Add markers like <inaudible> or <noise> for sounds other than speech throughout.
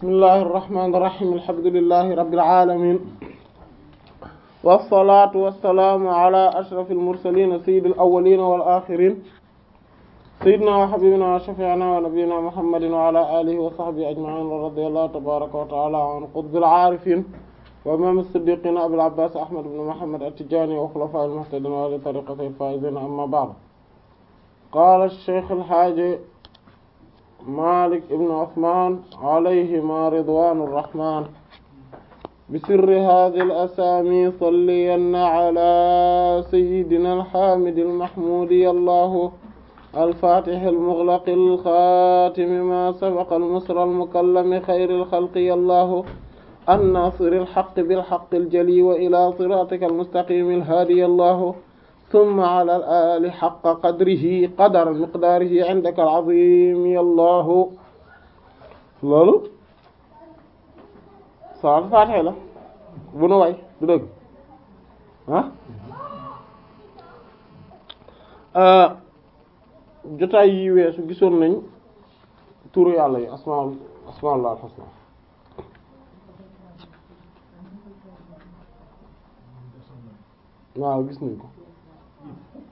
bismillahi irrahmani irrahim alhamdulilahi rabilalamin wasalaatu wasalaamu ala ashraf almursalina sayid alawalina walaxirin sayidna wa xabibina wa shafiina wa nabiyina muhammadin wa ala alihi wa sahbihi ajmain wa radiyallahu tabaraka wa taala an qutbil aarifin wa imam siddiqin abil abbas ahmad ibn muhammad at-tijani wa xulafa al muhtadin wa ala tariqati al faizin amma ba'd qala ash-shaykh al-haji Malik ibn Usman alayhima ridwanu rahman بسر هذه الأسامي صلين على سيدنا الحامد المحمود الله الفاتح المغلق الخاتم ما سبق المصر المكلم خير الخلق الله الناصر الحق بالحق الجلي وإلى صراطك المستقيم الهادي الله ثم على الآل حق قدره قدر مقداره عندك العظيم يا الله loolu saar Faatiha la bu nu waay du dëgg ah euh, jotaay yi weesu gisoon nañ turu yàlla yi asmaa asmaa'ullaahil husnaa waaw gis nañ ko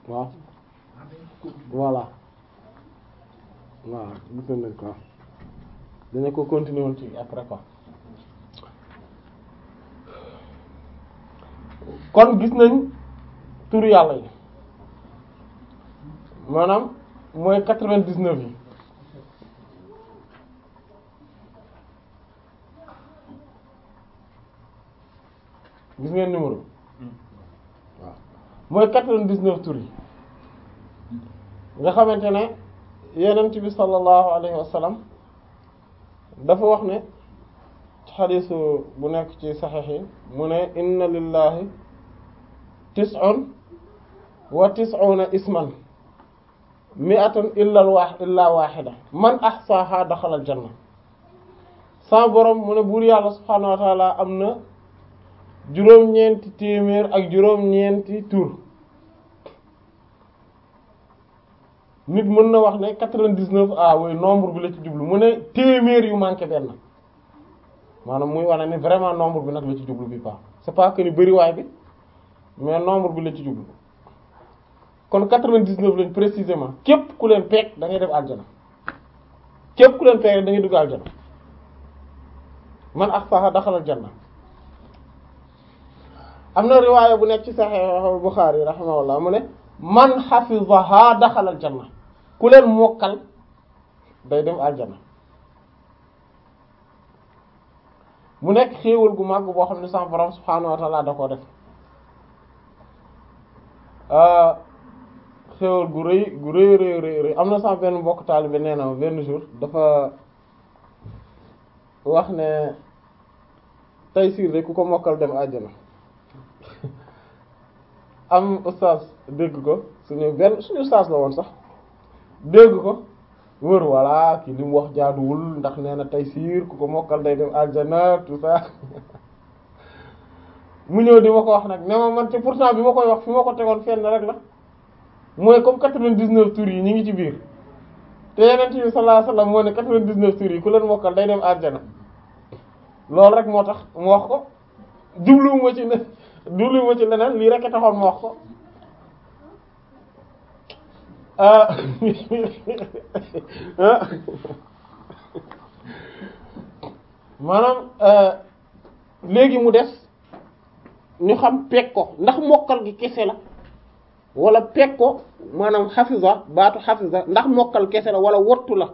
waaw voilà waaw gisoon nañ ko dina ko continuer woon ci après quoi kon gis nañ tur yàlla yi maanaam mooy quatre-vingt-dix-neuf yi gis ngeen numéro hmm. waaw mooy nga xamante ne yenent bi sallallahu alayhi wa sallam dafa wax ne ci xadisu bu nekk ci saxiix yi mu ne inna lillahi tis'un wa tis'una isman mi'atan illa illa wahida man ahsaha daxala al janna sa borom mu ne buur yàlla subhanahu wa am na juróom-ñeenti téeméer ak juróom-ñeenti tur nit mën na wax ne quatre-vingt-dix-neuf ah oui nombre bi la ci jublu mu ne téeméer yu manqué benn maanaam muy wane ne vraiment nombre bi nag la ci jublu bi pas c'est pas que ni bëriwaay bi mais nombre bi la ci jublu kon quatre-vingt-dix-neuf lañ précisément képp ku leen peeg da ngay def aljana képp ku leen peeg da ngay dugg aljana man axsaahaa daxalal janna am na riwaaya bu nekk ci Sahih Bukhari rahimahullah mu ne man xafizahaa daxalal janna ku leen mokkal day dem aljana mu nekk xéewal gu màgg boo xam ne sa borom subhaanahu wa da ko def ah, xéewal gu rëy gu rëy rëy am na sax benn mbokk taalibe nee na benn jour dafa wax ne Taysiir de ku ko mokkal dem àjjana <laughs> am ustaas dégg ko suñu benn suñu ustaas la woon sax dégg ko wër voilà ki li mu wax jaaduwul ndax nee na tey siir ku ko mokkal day dem aljana tout ça <laughs> mu ñëw di ma ko wax nag ne ma man ci pourtant bi ma koy wax fi ma ko tegoon fenn rek la mooy comme quatre-vingt-dix-neuf yi ñu ngi ci biir te yeneen bi sallallahu alayhi wasallam moo ne quatre vingt dix yi ku leen mokkal day dem aljana loolu rek moo tax mu wax ko jubluwuma ci ne jubluwuma ci leneen lii rek a taxoon mu wax ko Ah. <laughs> maanaam euh, léegi mu des ñu xam peeg ko ndax mokal gi kese la wala peeg ko maanaam xafiza baatu xafiza ndax mokkal kese la wala wottu la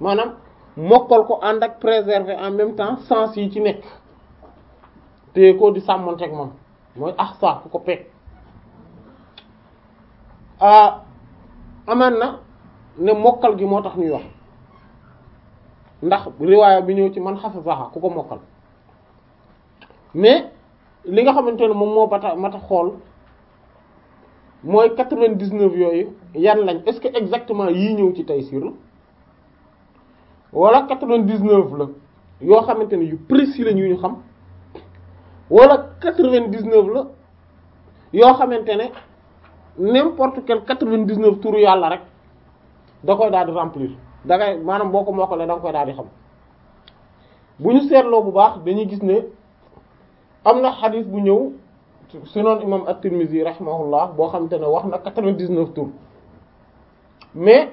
maanaam mokkal ko ànd ak préserver en même temps sens yi ci nekk te ko di sàmmanteeg moom mooy ahsa ku ko peeg ah amaan na ne mokkal gi moo tax ñuy wax ndax riwaaya bi ñëw ci man xafisaha ku ko mokkal mais li nga xamante ne moom moo ma mata xool mooy quatre-vingt-dix-neuf yooyu yan lañ est-ce que exactement yii ñëw ci Taysiir la wala quatre-vingt-dix-neuf la yoo xamante ne yu précis yu ñu xam wala quatre-vingt-dix-neuf la yoo xamante ne n'importe quel quatre-vingt-dix-neuf tour yàlla rek da koy daal di remplir da maanaam boo ko mokkalee da nga koy daal di xam bu ñu seetloo bu baax dañuy gis ne am na xadis bu ñëw sunan imam at-Tirmidhi rahimahullah boo xam te ne wax na quatre-vingt-dix-neuf tur mais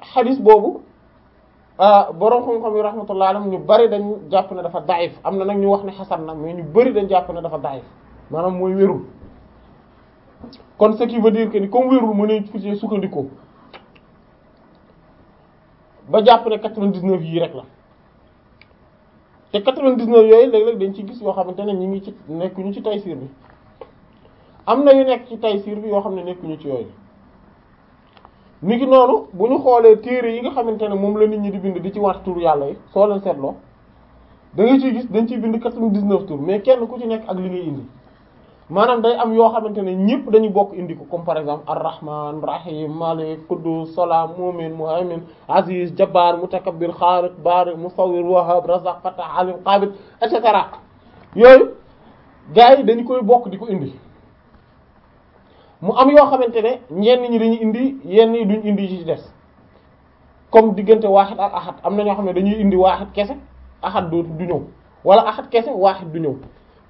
xadis boobu ah, borom xam-xam yi rahmatullah alayhim ñu bari dañ jàpp ne dafa daif am na nag ñu wax ne xasan na mais ñu bari dañ jàpp ne dafa daif maanaam mooy wérul kon ce qui veut dire que ni comme wérul mën nañ ci sukkandiku ba jàpp ne quatre-vingt-dix-neuf yii rek la te quatre-vingt-dix-neuf yooyu léeg-léeg dañ ci gis yoo xamante ne ñu ngi ci nekkuñu ci taysiir bi am na yu nekk ci taysiir bi yoo xam ne nekkuñu ci yooyu ni ki noonu bu ñu xoolee téere yi nga xamante ne moom la nit ñi di bind di ci waat tur yàlla yi soo leen seetloo da nga ciy gis dañ ciy bind quatre vingt dix mais kenn ku ci nekk ak li ngay indi maanaam day am yoo xamante ne ñëpp dañu bokk indi ko comme par exemple ar-rahman rahim malik quddus salaam mu'min muhaymin aziz jabbar mutakabbir xaaliq bari musawwir wahhab razzaq fattah alim qabid et cetera yooyu gars yi koy bokk di indi mu am yoo xamante ne ñenn ñi dañuy indi yenn yi duñ indi ci des comme diggante waaxit ak axat am na ñoo xam ne dañuy indi waaxit kese axat dootu du ñëw wala axat kese waaxit du ñëw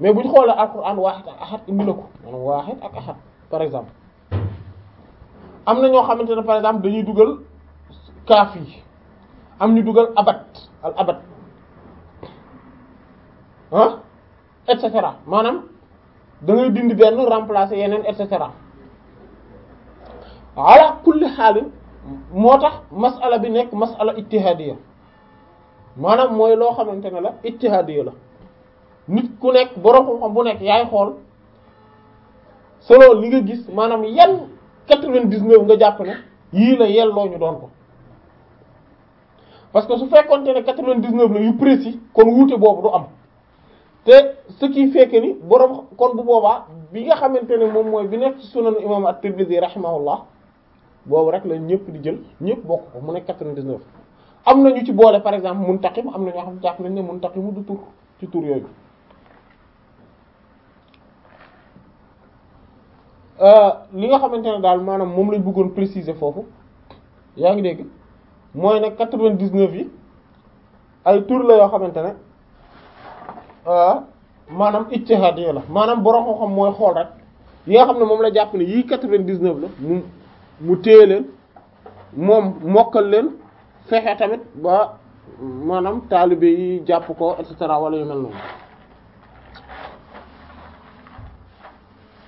mais bu ñu xoolee alquran waaxid ak ahad indi na ko maanaam waaxid ak ahad par exemple am na ñoo xamante ne par exemple dañuy dugal kaaf yi am ñu dugal abat al abat et cetera maanaam dangay dindi benn remplacer yeneen et cetera ala kulli xaalin moo tax mas'ala bi nekk mas'ala ijtihadiyya maanaam mooy loo xamante ne la ijtihadiyya la. nit ku nekk borom xam-xam bu nekk yaay xool selon li nga gis maanaam yan quatre-vingt-dix-neuf nga jàpp ne yii la yelloo ñu doon ko parce que su fekkonte ne quatre vingt dix la yu précis kon wuute boobu du am te ce qui fait ni borom kon bu boobaa bi nga xamante ne moom mooy bi nekk ci sunan imam at-Tirmidhi rahimahullah boobu rek la ñëpp di jël ñëpp bokk ko mu nekk 99 am na ñu ci boole par exemple muntaqim am na ñoo xam jàpp nañ ne muntaqimu du tur ci tur yooyu Euh, li nga xamante ne daal maanaam moom lañ bëggoon préciser foofu yaa ngi dégg mooy nag quatre-vingt-dix-neuf yi ay tur la yoo xamante ne euh, maanaam ijtihaad yi la maanaam borom xam-xam mooy xool rek yi nga xam ne moom la jàpp ne yii quatre-vingt-dix-neuf la mu mu téye leen moom mokkal leen fexe tamit ba maanaam taalibe yi jàpp ko et cetera wala yu mel noonu.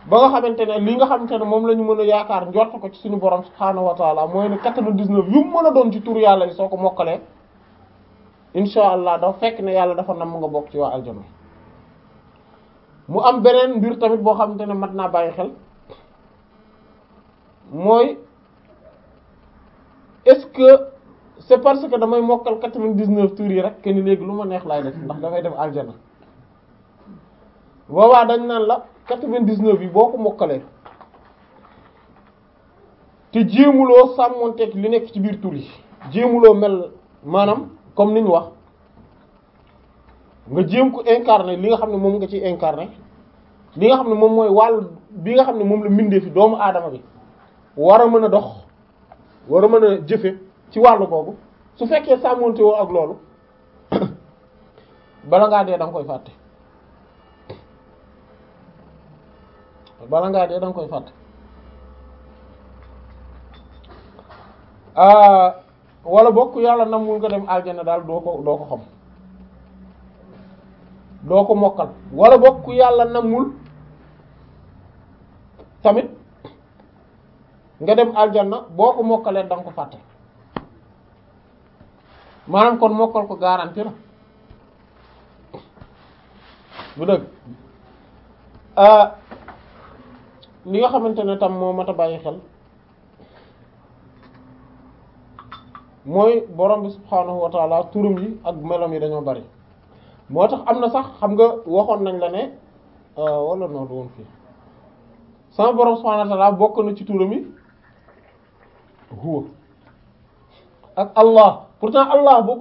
ba nga xamante ne li nga xamante ne moom la ñu mën a yaakaar njort ko ci suñu borom subhaanahu wa taala mooy ne quatre vingt yu mën a doon ci tur yàlla yi soo ko mokkalee insha allah dafa fekk ne yàlla dafa nam nga bokk ci waa aljana mu am beneen mbir tamit boo xamante ne mat naa bàyyi xel mooy est-ce que c'est parce que damay mokkal quatre vingt dix yi rek que léegi lu ma neex laay def ndax dafay dem aljana boobaa dañ naan la quatre-vingt-dix-neuf yi boo ko mokkalee te jéemuloo sàmmonteeg li nekk ci biir tur yi jéemuloo mel maanaam comme niñ wax nga jéem ko incarné li nga xam ne moom nga ciy incarné li nga xam ne moom mooy wàll bi nga xam ne moom la mbindee fi doomu aadama bi war a mën a dox war a mën a jëfe ci wàll boobu su fekkee sàmmonte woo ak loolu <coughs> bala ngaa dee da nga koy fàtte bala ngaa dee danga nga koy fàtte ah, wala bokk yàlla namul nga dem aljana daal doo ko doo ko xam doo ko mokkal wala bokk yàlla namul tamit nga dem aljana boo ko mokkalee da nga ko fàtte maanaam kon mokkal ko garanti bu dëgg ah, li nga xamante ne tam moo mat a bàyyi xel mooy borom bi subhaanahu wa taala turam yi ak melam yi dañoo bari moo tax am na sax xam nga waxoon nañ la ne euh, wala noonu woon fii sama borom subhaanahu wa taala bokk na ci yi huwa ak allah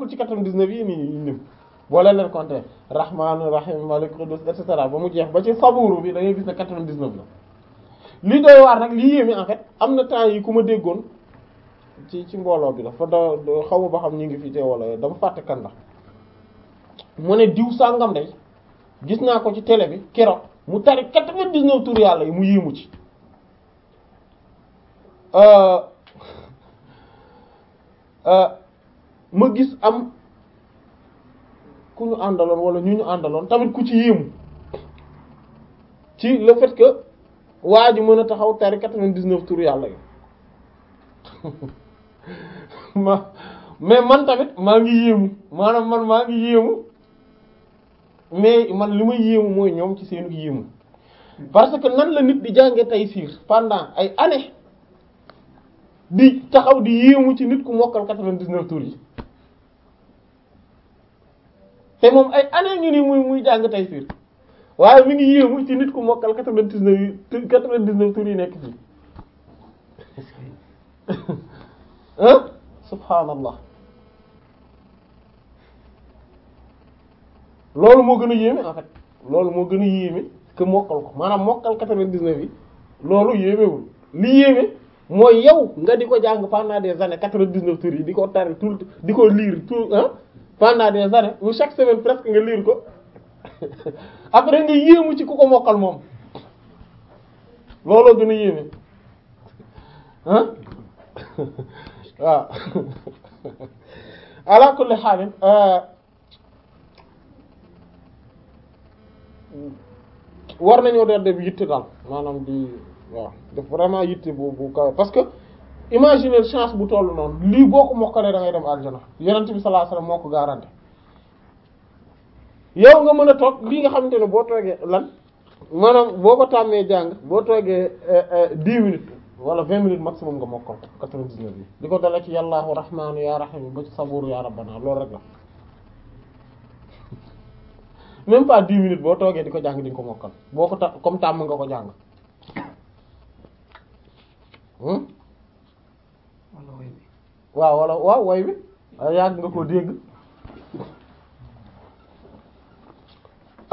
ci quatre-vingt-dix-neuf yi nii ñu lim boo leen leen compter rahmaanu rahim malik qudus et cetera ba mu jeex ba ci saburu bi da gis ne quatre vingt la li doy waar nag li yéeme en am na temps yi ku ma déggoon ci ci mbooloo bi dafa da xaw ma ba xam ñu ngi fii te wala dama fàtte kan la mu ne diw sàngam day gis naa ko ci tele bi keroog mu tari quatre-vingt-dix-neuf tur yàlla yi mu yéemu ci euh, euh, ma gis am ku ñu àndaloon wala ñu ñu àndaloon tamit ku ci yéemu ci le fait waa ji mën a taxaw tari quatre-vingt-dix-neuf tur yàlla yi <laughs> ma mais man tamit maa ngi yéemu maanaam man maa ngi yéemu mais man li ma yéemu mooy ñoom ci seenu yéemu parce que nan la nit di jànge taysiir pendant ay années di taxaw di yéemu ci nit ku mokkal quatre-vingt-dix-neuf yi te moom ay années ñu ni muy muy jàng taysiir waaye mi ngi yéemu ci nit ku mokkal quatre-vingt-dix-neuf yi quatre-vingt-dix-neuf tur yi nekk fii ah <laughs> subhaanallah loolu moo gën a yéeme en fait loolu moo gën a yéeme que ko maanaam mokkal quatre-vingt-dix-neuf yi loolu yéemewul li yéeme mooy yow nga di ko jàng pendant des années quatre vingt yi di ko tari tout di ko lire tout ah pendant des années ou chaque semaine presque nga lire ko <laughs> après nga yéemu ci ku ko mokkal moom looloo gën a yéeme ah <laughs> waaw <laughs> ala kulli xaalin euh, war nañoo def def yitte daal maanaam di waaw yitte bu kaw parce que imaginer chance bu tol noonu lii boo ko mokkalee da ngay dem aljana yonent bi sallallahu moo ko garanti yow nga mën a toog lii nga xamante ne boo toogee lan maanaam boo ko tàmmee jàng boo toogee eh, eh, dix minutes wala vingt minutes maximum nga mokkal quatre-vingt-dix-neuf di ko dala ci yàllaahu rahmaanu yaa rahiim ba ci sabuur yaa rabbana loolu rek la <laughs> même pas dix minutes boo toogee di ko jàng di nga ko mokkal boo ko ta comme tàmm nga ko jàng hmm? waaw wala waaw way bi yàgg nga ko dégg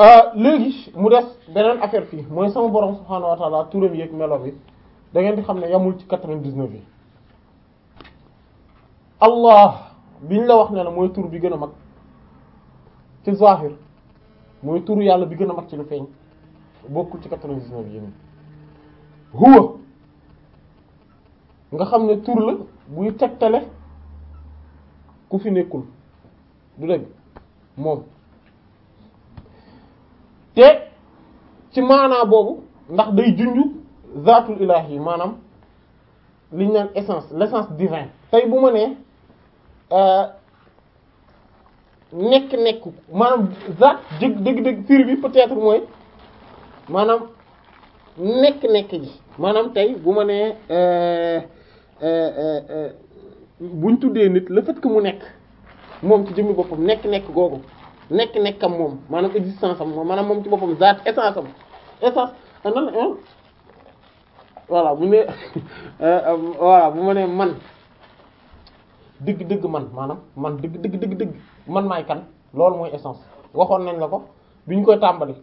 Euh, léegi mu des beneen affaire fii mooy sama borom subhaanahu wa taala turam yeeg meloom yi da ngeen di xam ne yamul ci quatre-vingt-dix-neuf yi allah biñ la wax ne la mooy tur bi gën a mag ci zahir mooy tur yàlla bi gën a mag ci lu feeñ bokkul ci quatre vingt dix yi xam ne tur la buy tegtale ku fi nekkul du dégg moom te ci maanaa boobu ndax day junju zaatul ilaahi maanaam li ñu naan essence l'essence divin tey bu ma nee euh, nekk nekk maanaam zaat jëg dëgg-dëgg firi bi peut-être mooy maanaam nekk nekk ji maanaam tey bu ma nee euh, euh, buñ tuddee nit la fait que mu nekk moom ci jëmmi boppam nekk nekk googu nekk nekkam moom maanaam existence am moom maanaam moom ci boppam zaat essence am essence ah, nan ah. voilà bu ne <laughs> euh, euh, bu ma ne man digg dëgg man maanaam man dëgg dëgg dëgg dëgg man maay kan loolu mooy essence waxoon nañ la ko bi ñu koy tàmbali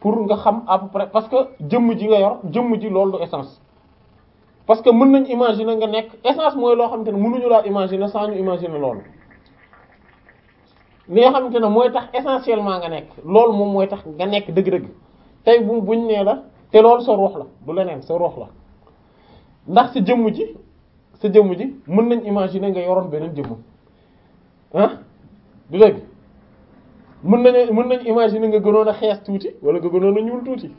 pour nga xam à peu près parce que jëmm ji nga yor jëmm ji loolu du essence parce que mën nañ imaginer nga nekk essence mooy loo xamante ne mënuñu laa imaginer sans ñu imaginer loolu li nga xamante ne mooy tax essentiellement nga nekk loolu moom mooy tax nga nekk dëgg-dëgg tey bu buñ nee la te loolu sa ruux la du leneen sa ruux la ndax sa jëmm ji sa jëmm ji mën nañ imaginer nga yoroon beneen jëmm ah du dëgg mën nañu mën nañ imaginer nga gënoon a xees tuuti wala nga gënoon a ñuul tuuti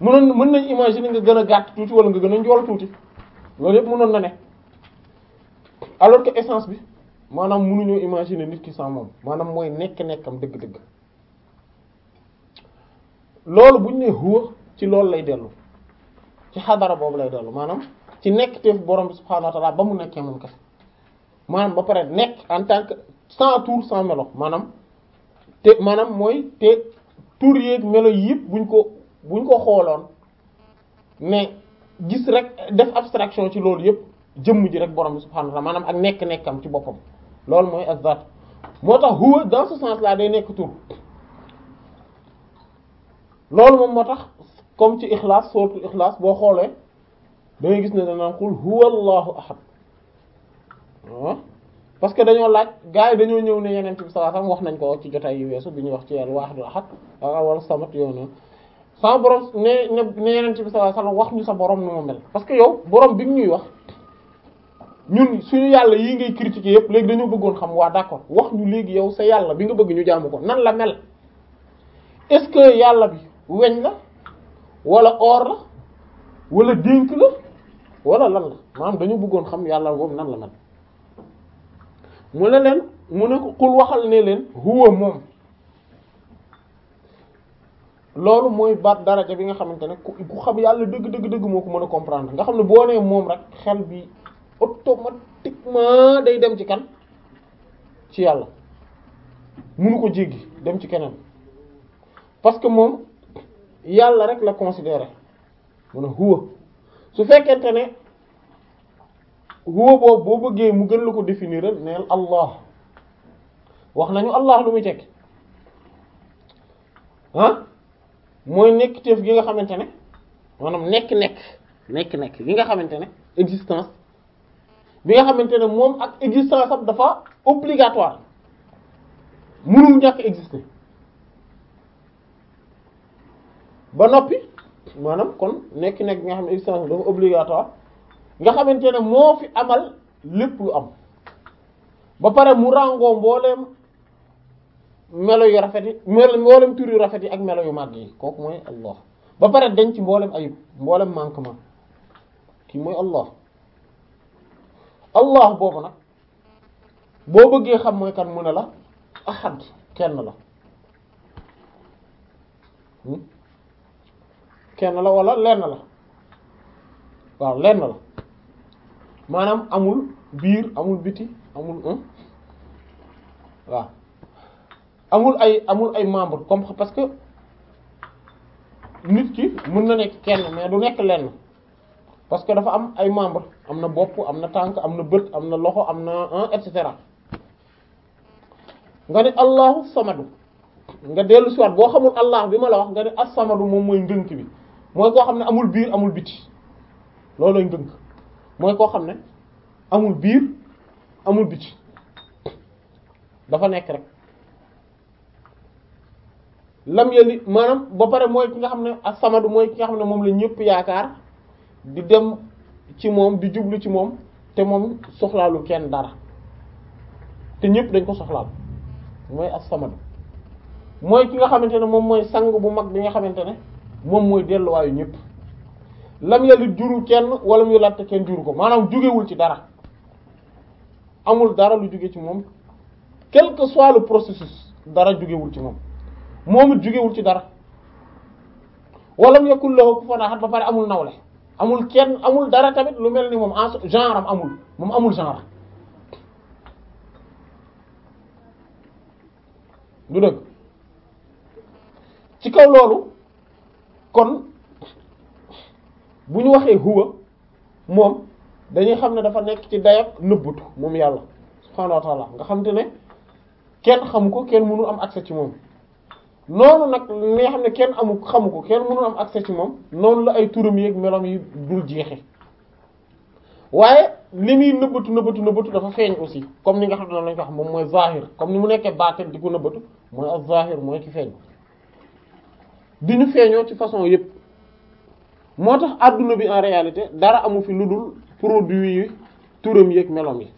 mënoon mën nañ imaginer nga gën a gàtt tuuti wala nga gën a njool tuuti loolu yëpp mënoon na ne alors que essence bi maanaam mënuñoo imaginer nit ki sans moom maanaam mooy nekk-nekkam dëgg-dëgg loolu bu ñu nee huwa ci loolu lay dellu ci xadara boobu lay dellu maanaam ci nekk teef borom bi subhaanahu wa ba mu nekkee moom kese maanaam ba pare nekk en tant que sans tour sans melo maanaam te maanaam mooy te tour yeeg melo yëpp buñ ko buñ ko xooloon mais gis rek def abstraction ci loolu yëpp jëmm ji rek borom bi subhaanahu wa maanaam ak nekk-nekkam ci boppam loolu mooy ak zaat moo tax huwa dans ce sens là day nekk tur loolu moom moo tax comme ci ixlaas sourate ixlaas boo xoolee da ngay gis ne danaan xul huwa allahu ahad ah. parce que dañoo laaj gaa yi dañoo ñëw ne yeneen bi sallallahu alayhi wax nañ ko ci jotaay yu weesu bi ñu wax ci al waahidul ahad wala samat yoonu sama borom ne ne yeneen bi sallallahu wax ñu sa borom nu mel parce que yow borom bi ñuy wax ñun suñu yàlla yi ngay critiquer yëpp léegi dañoo bëggoon xam waa d'accord wax ñu léegi yow sa yàlla bi nga bëgg ñu jàmm ko nan la mel est-ce que yàlla bi weñ la walla or la wala dénk la wala lan la maanaam dañoo bëggoon xam yàlla boobu nan la mel mu ne leen mu ne ko xul waxal ne leen huwa moom loolu mooy baat daraja bi nga xamante ne ku xam yàlla dëgg dëgg dëgg moo ko mën a comprendre nga xam ne boo nee moom rek xel bi automatiquement day dem ci kan ci yàlla munu ko jéggi dem ci keneen parce que moom yàlla rek la considérer mun a huwa su fekkente ne huwa boobu boo bëggee mu gën la ko définir neel allah wax nañu allah lu muy tekki ah mooy nekk gi nga xamante ne maanaam nekk-nekk nekk-nekk gi nga xamante ne existence bi nga xamante ne moom ak existence am dafa obligatoire mënul ñàkk exister ba noppi maanaam kon nekki nekk bi nga xam ne existence dafa obligatoire nga xamante ne moo fi amal lépp lu am ba pare mu ràngoo mbooleem melo yu rafet yi melo mboolem tur yu rafet yi ak melo yu màgg yi kooku mooy Allah ba pare denc mboolem ayib mboolem manquement kii mooy Allah allahu boobu nag boo bëggee xam mooy kan mu ne la ahad kenn la hmm? kenn la wala lenn la waaw lenn la maanaam amul biir amul biti amul hmm? waaw amul ay amul ay membre comme parce que nit ki mun na nekk kenn mais du nekk lenn parce que dafa am ay membre am na bopp am na tànk am na bët am na loxo am na et cetera nga ne allahu samadu nga dellu si waat boo xamul allah bi ma la wax nga ne as-samadu moom mooy ngënk bi mooy koo xam ne amul biir amul biti loolooy ngënk mooy koo xam ne amul biir amul biti dafa nekk rek lam yali maanaam ba pare mooy ki nga xam ne as-samadu mooy ki nga xam ne moom lañ ñëpp yaakaar di dem ci moom di jublu ci moom te moom soxlaalu kenn dara te ñëpp dañ ko soxlaal mooy as-samad mooy ki nga xamante ne moom mooy sang bu mag bi nga xamante ne moom mooy delluwaayu ñëpp lam yalit juru kenn wala mu latte kenn juru ko maanaam jugewul ci dara amul dara lu juge ci moom quel que soit le processus dara jugewul ci moom moom jugewul ci dara wala mu yekkul la ko ku fa ba pare amul nawle amul kenn amul dara tamit lu mel ni moom en genre am amul moom amul genre du dëgg ci kaw loolu kon bu ñu waxee huwa moom dañuy xam ne dafa nekk ci dayak nëbbutu moom yàlla subhaanahu wa ta'ala nga xam te ne kenn xamu ko kenn mënul am accès ci moom noonu nag li xam ne kenn amu xamu ko kenn mënul am accès ci moom noonu la ay turam yeeg melam yi dul jeexe waaye li muy nëbbatu nëbbatu nëbbatu dafa feeñ aussi comme ni nga xam ne lañ ko wax moom mooy zahir comme ni mu nekkee baatin di ko nëbbatu mooy ak zahir mooy ci feeñ di ñu feeñoo ci façon yépp moo tax àdduna bi en réalité dara amu fi lu dul produit yi turam yeeg melom yi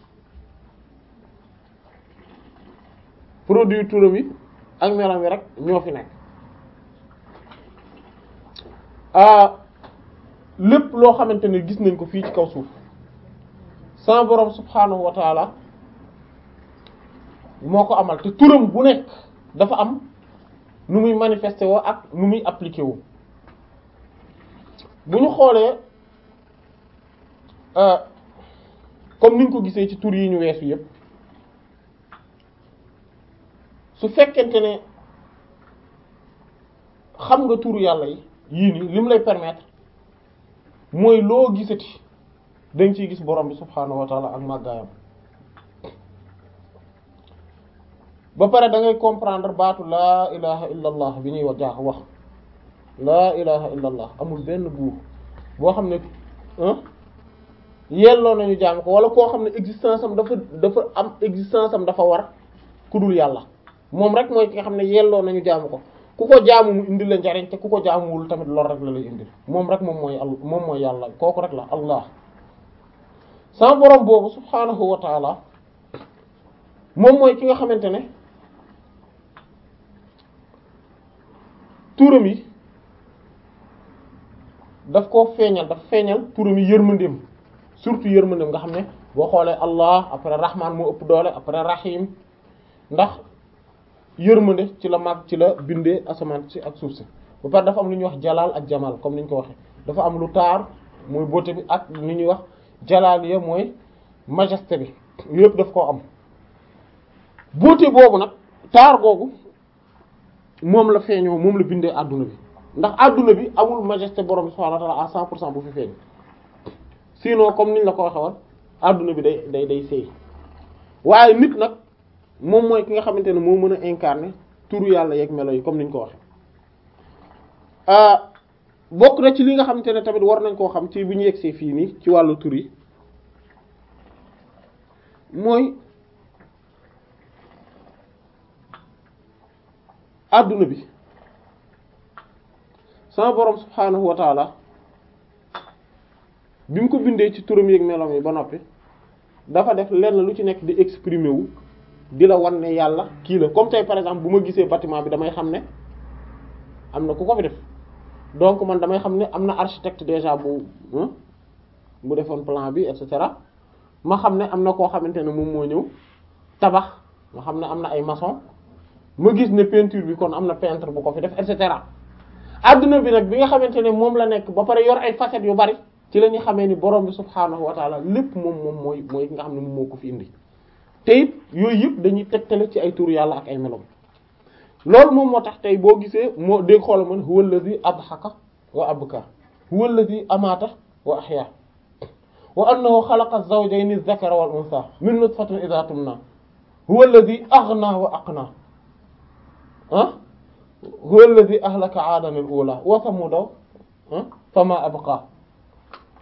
produit turam yi ak melam yi rek ñoo fi nekk ah, lépp loo xamante ne gis nañ ko fii ci kaw suuf sama borom subhaanahu wa taala moo ko amal te turam bu nekk dafa am nu muy manifesté woo ak nu muy appliqué wu bu ñu xoolee ah, comme niñ ko gisee ci tur yi ñu weesu yépp su fekkente ne xam nga turu yàlla yi yii nii li mu lay permettre mooy loo gisati dañ ciy gis borom bi subhaanahu wa taala ak màggaayam ba pare dangay comprendre baatu laa ilaha illa bi ñuy wax jaax wax laa ilaha illa allah amul benn buur boo xam ne yelloo nañu jaam ko wala koo xam ne existence am dafa dafa am existence am dafa war ku dul yàlla moom rek mooy ki nga xam ne yelloo nañu jaamu ko ku ko jaamu mu indil la njariñ te ku ko jaamuwul tamit lor rek la lay indil moom rek moom mooy al moom mooy yàlla kooku rek la allah sama borom boobu subhaanahu wa moom mooy ki nga xamante ne turam yi daf koo feeñal daf feeñal turam yi yërmandeem surtout yërmandeem nga xam ne boo xoolee allah après rahman moo ëpp doole après rahim ndax yërmande ci la mag ci la bindee asamaan si ak suuf si ba pare dafa am lu ñuy wax jalaal ak jamaal comme ni ñu ko waxee dafa am lu taar mooy boote bi ak li ñuy wax jalaal ya mooy majesté bi yëpp daf koo am beauté boobu nag taar googu moom la feeñoo moom la bindee àdduna bi ndax adduna bi amul majesté borom subhanahu wa ta'ala à cent pour cent bu fi feeñ sinon comme niñ la ko waxee woon adduna bi day day day seey waaye nit nag moom mooy ki nga xamante ne moo mën a incarner tur yàlla yeeg melo yi comme ni ñu ko waxee ah, bokk na ci li nga xamante ne tamit war nañ koo xam ci bu ñu yegsee fii nii ci wàllu tur yi mooy àdduna bi sama borom subhaanahu wa taala bi mu ko bindee ci turam yeeg meloom yi ba noppi dafa def lenn lu ci nekk di exprimer wu. di la wan ne yàlla kii la comme tey par exemple bu ma gisee bâtiment bi damay xam ne am na ku ko fi def donc man damay xam ne am na architecte déjà bu hmm, bu defoon plan bi et cetera ma xam ne am na koo xamante ne moom moo ñëw tabax ma xam ne am na ay maçon ma gis ne peinture bi kon am na peintre bu ko fi def et cetera adduna bi nag bi nga xamante ne moom la nekk ba pare yor ay facettes yu bari ci la ñu xamee ni borom bi subhaanahu wa taala lépp moom moom mooy mooy nga xam ne moom moo ko fi indi te it yooyu yëpp dañuy tegtale ci ay tur yàlla ak ay melom loolu moom moo tax tey boo gisee moo dégg xoola man huwa allazi adhaka wa abka huwa allazi amaata wa ahya wa annahu xalaqa zawjayni adh-dhakara wal untha min nutfatin idha tumna huwa allazi aghna wa aqna ah huwa allazi ahlaka aadan al-ula wa samuda ah, fama abqa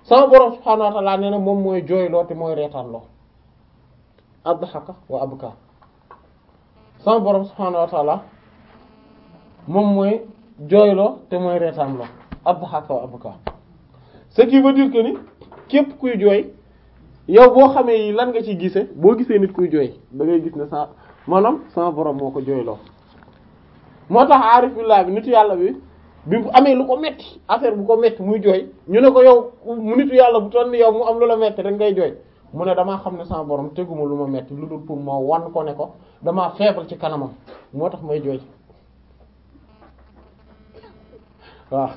sama borom subhanahu wa ta'ala nee na moom mooy jooyloo te mooy reetaanloo adhaka wa abka sama borom subhaanahu wa moom mooy jooyloo te mooy reetaan la adhaka wa abka ce qui veut dire que ni képp kuy jooy yow boo xamee yi lan nga ci gise boo gisee nit kuy jooy da ngay gis ne sa maanaam sama borom moo ko jooyloo moo tax aarif billah bi nitu yàlla bi bi mu amee lu ko metti affaire bu ko metti muy jooy ñu ne ko yow mu yàlla bu toll ni yow mu am lu la metti rek ngay jooy mu ne damaa xam ne sama boroom teguma lu ma metti lu dul pour ma wan ko ne ko damaa faible ci kanamam moo tax may jooy waaw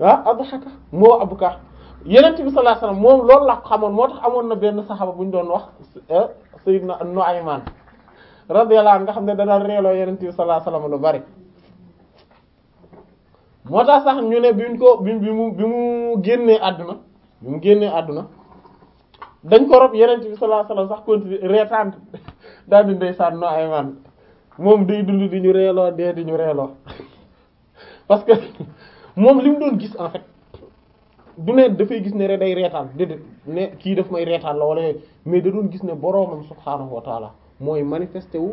waaw abdxaka moo abuka yenent bi sallallahu alayhi moom loolu la xamoon moo tax amoon na benn saxaba bu ñu doon wax eh, sayyidna Nu'ayman radiyallahu anhu nga xam ne dana reeloo yenent bi sallallahu alayhi wasallam lu bari moo tax sax ñu ne bi ñu ko bi bi mu bi mu génnee àdduna bi mu génnee àdduna dañ ko rob yeneen bi sallallahu alayhi wasallam sax continué reetaan daal di ndeysaan no ay man moom day dund di ñu reeloo dee di ñu reeloo parce que moom li doon gis en fait du ne dafay gis ne rek day reetaan déedéet ne kii daf may reetaan la wala mais da doon gis ne boroomam subhaanahu wa taala mooy manifesté wu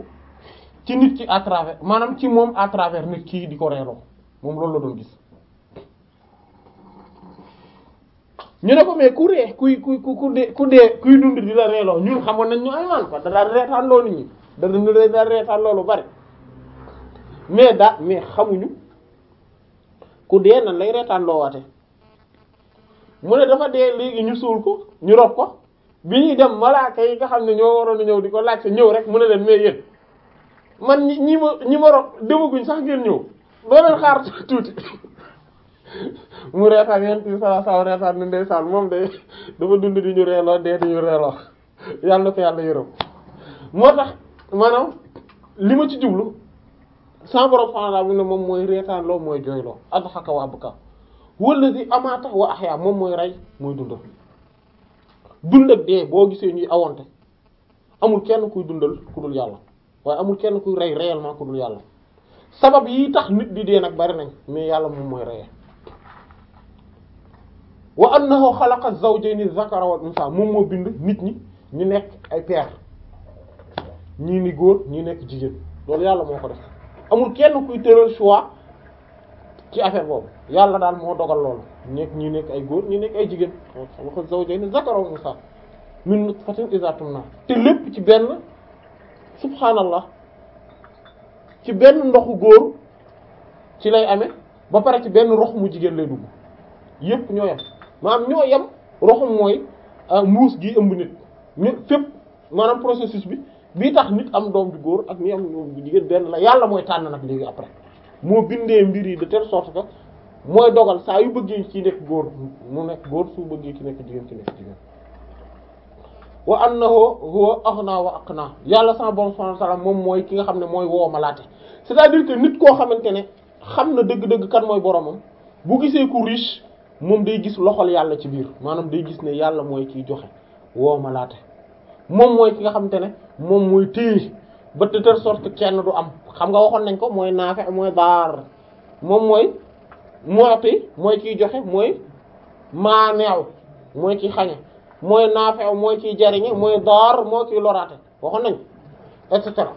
ci nit ki à travers maanaam ci moom à travers nit kii di ko reeloo moom loolu la doon gis ñu ne ko mais ku ree kuy kuy ku dee ku dee kuy dund di la reeloo ñun xamoon nañ ñu ayman quoi dadaal reetaan loolu ñi dadañu daal reetaan loolu bari mais daa mais xamuñu ku dee nan lay reetaan loo waate mu ne dafa de léegi ñu suul ko ñu ko bi ñuy dem malaaka yi nga xam ne ñoo waroon a ñëw di ko laaj sa ñëw rek mu ne leen mais yéen man ñi ma ñi ma rob demaguñ sax ngeen ñëw doo leen xaar <laughs> tuuti <laughs> mu reetaan yent bi sallallahu alayhi wasallam reetaan ni ndeysaan moom de dafa dund di ñu reeloo dee di ñu reeloo <laughs> yàlla ko yàlla yërëm ma ci jublu sans borom subhaanahu mu ne moom mooy loo mooy jooyloo adhaka wa moom mooy rey mooy dundal dund ak dee boo gisee ñuy awante amul kenn kuy dundal ku dul yàlla waaye amul kenn kuy rey réellement ku dul yàlla sabab yi tax nit di dee nag bari nañ mais yàlla moom mooy reye wa annahu xalaqa zawjayni zakara wal unsa moom moo bind nit ñi ñu nekk ay pair ñii ni góor ñii nekk jigéen loolu yàlla moo ko def amul kenn kuy tëral choix ci affaire boobu yàlla daal moo dogal loolu nekk ñii nekk ay góor ñii nekk ay jigéen xalaqa zawjayni zakara wal unsa min nutfatin idha tumna te lépp ci benn subhaanallah ci benn ndoxu góor ci lay amee ba pare ci benn rox mu jigéen lay dugg yépp ñoo yam maanaam ñoo yem roxum mooy euh, mbuus gi ëmb nit ñu fépp maanaam processus bi bii tax nit am doom ju góor ak ñi am doom jigéen benn la yàlla mooy tànn nag léegi après moo bindee mbir yi de telle sorte que mooy dogal saa yu bëggee ci nekk góor mu nekk góor su bëggee ci nekk jigéen ci nekk jigéen wa annahu huwa aghna wa aqna yàlla sama borom subhanahu wa moom mooy ki nga xam ne mooy woomalaate c'est-à-dire que nit koo xamante ne xam na dëgg-dëgg kan mooy boromam bu moom day gis loxol yàlla ci biir maanaam day gis ne yàlla mooy kiy joxe woo ma laate moom mooy ki nga xamante ne moom mooy téye ba de telle sorte kenn du am xam nga waxoon nañ ko mooy naafe mooy daar moom mooy mu'ti mooy kiy joxe mooy maaneew mooy kiy xañe mooy naafe mooy kiy jariñe mooy daar moo kiy loraate waxoon nañ et cetera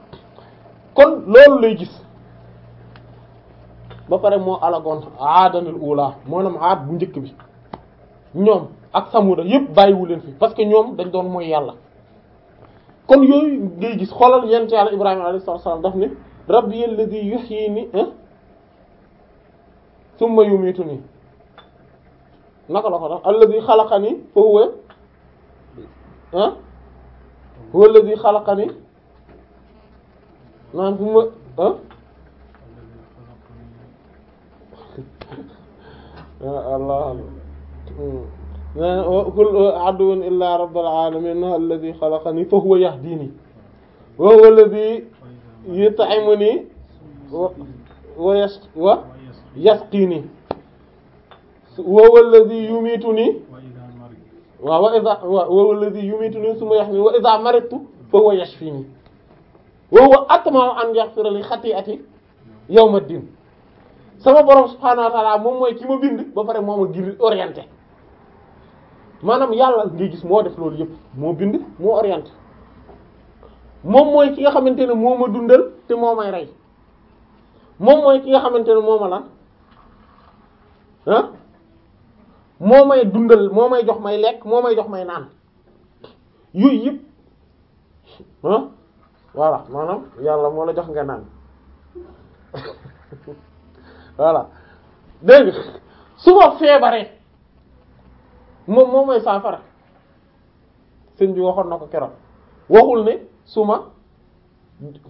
kon loolu lay gis ba pare moo alagoon aadanil ula maanaam aad bu njëkk bi ñoom ak samuda yëpp bàyyiwu leen fi parce que ñoom dañ doon mooy yàlla kon yooyu ngay gis xoolal yent yàlla ibrahima alayhi salaam daf ne rabbi alladhi yuhyini ah, thumma yumituni naka la ko daf alladhi khalaqani fa huwa ah, huwa alladhi khalaqani naan thumma ah, allah kul aduwwun illaa rabbil alamin alladhi khalaqani fa huwa yahdini wa huwa alladhi yut'imuni wa yas wa yasqini wa huwa alladhi yumituni waaw wa idha wa huwa alladhi yumituni thumma yahmini wa idha maridtu fa huwa yashfini wa huwa atma'u an yaghfira li khati'ati yawma ddin sama borom subhaanahu wa moom mooy ki ma bind ba pare moo ma gir orienté maanaam yàlla ngay gis moo def loolu yëpp moo bind moo orienté moom mooy ki nga xamante ne moo ma dundal te moo may rey moom mooy ki nga xamante ne moo ma lan ah moo may dundal moo may jox may lekk moo may jox may naan yooyu yëpp ah voilà yàlla moo la jox nga naan <laughs> voilà dégg nga su feebaree moom moo mooy saafara sëñ bi waxoon na ko keroog waxul ne su ma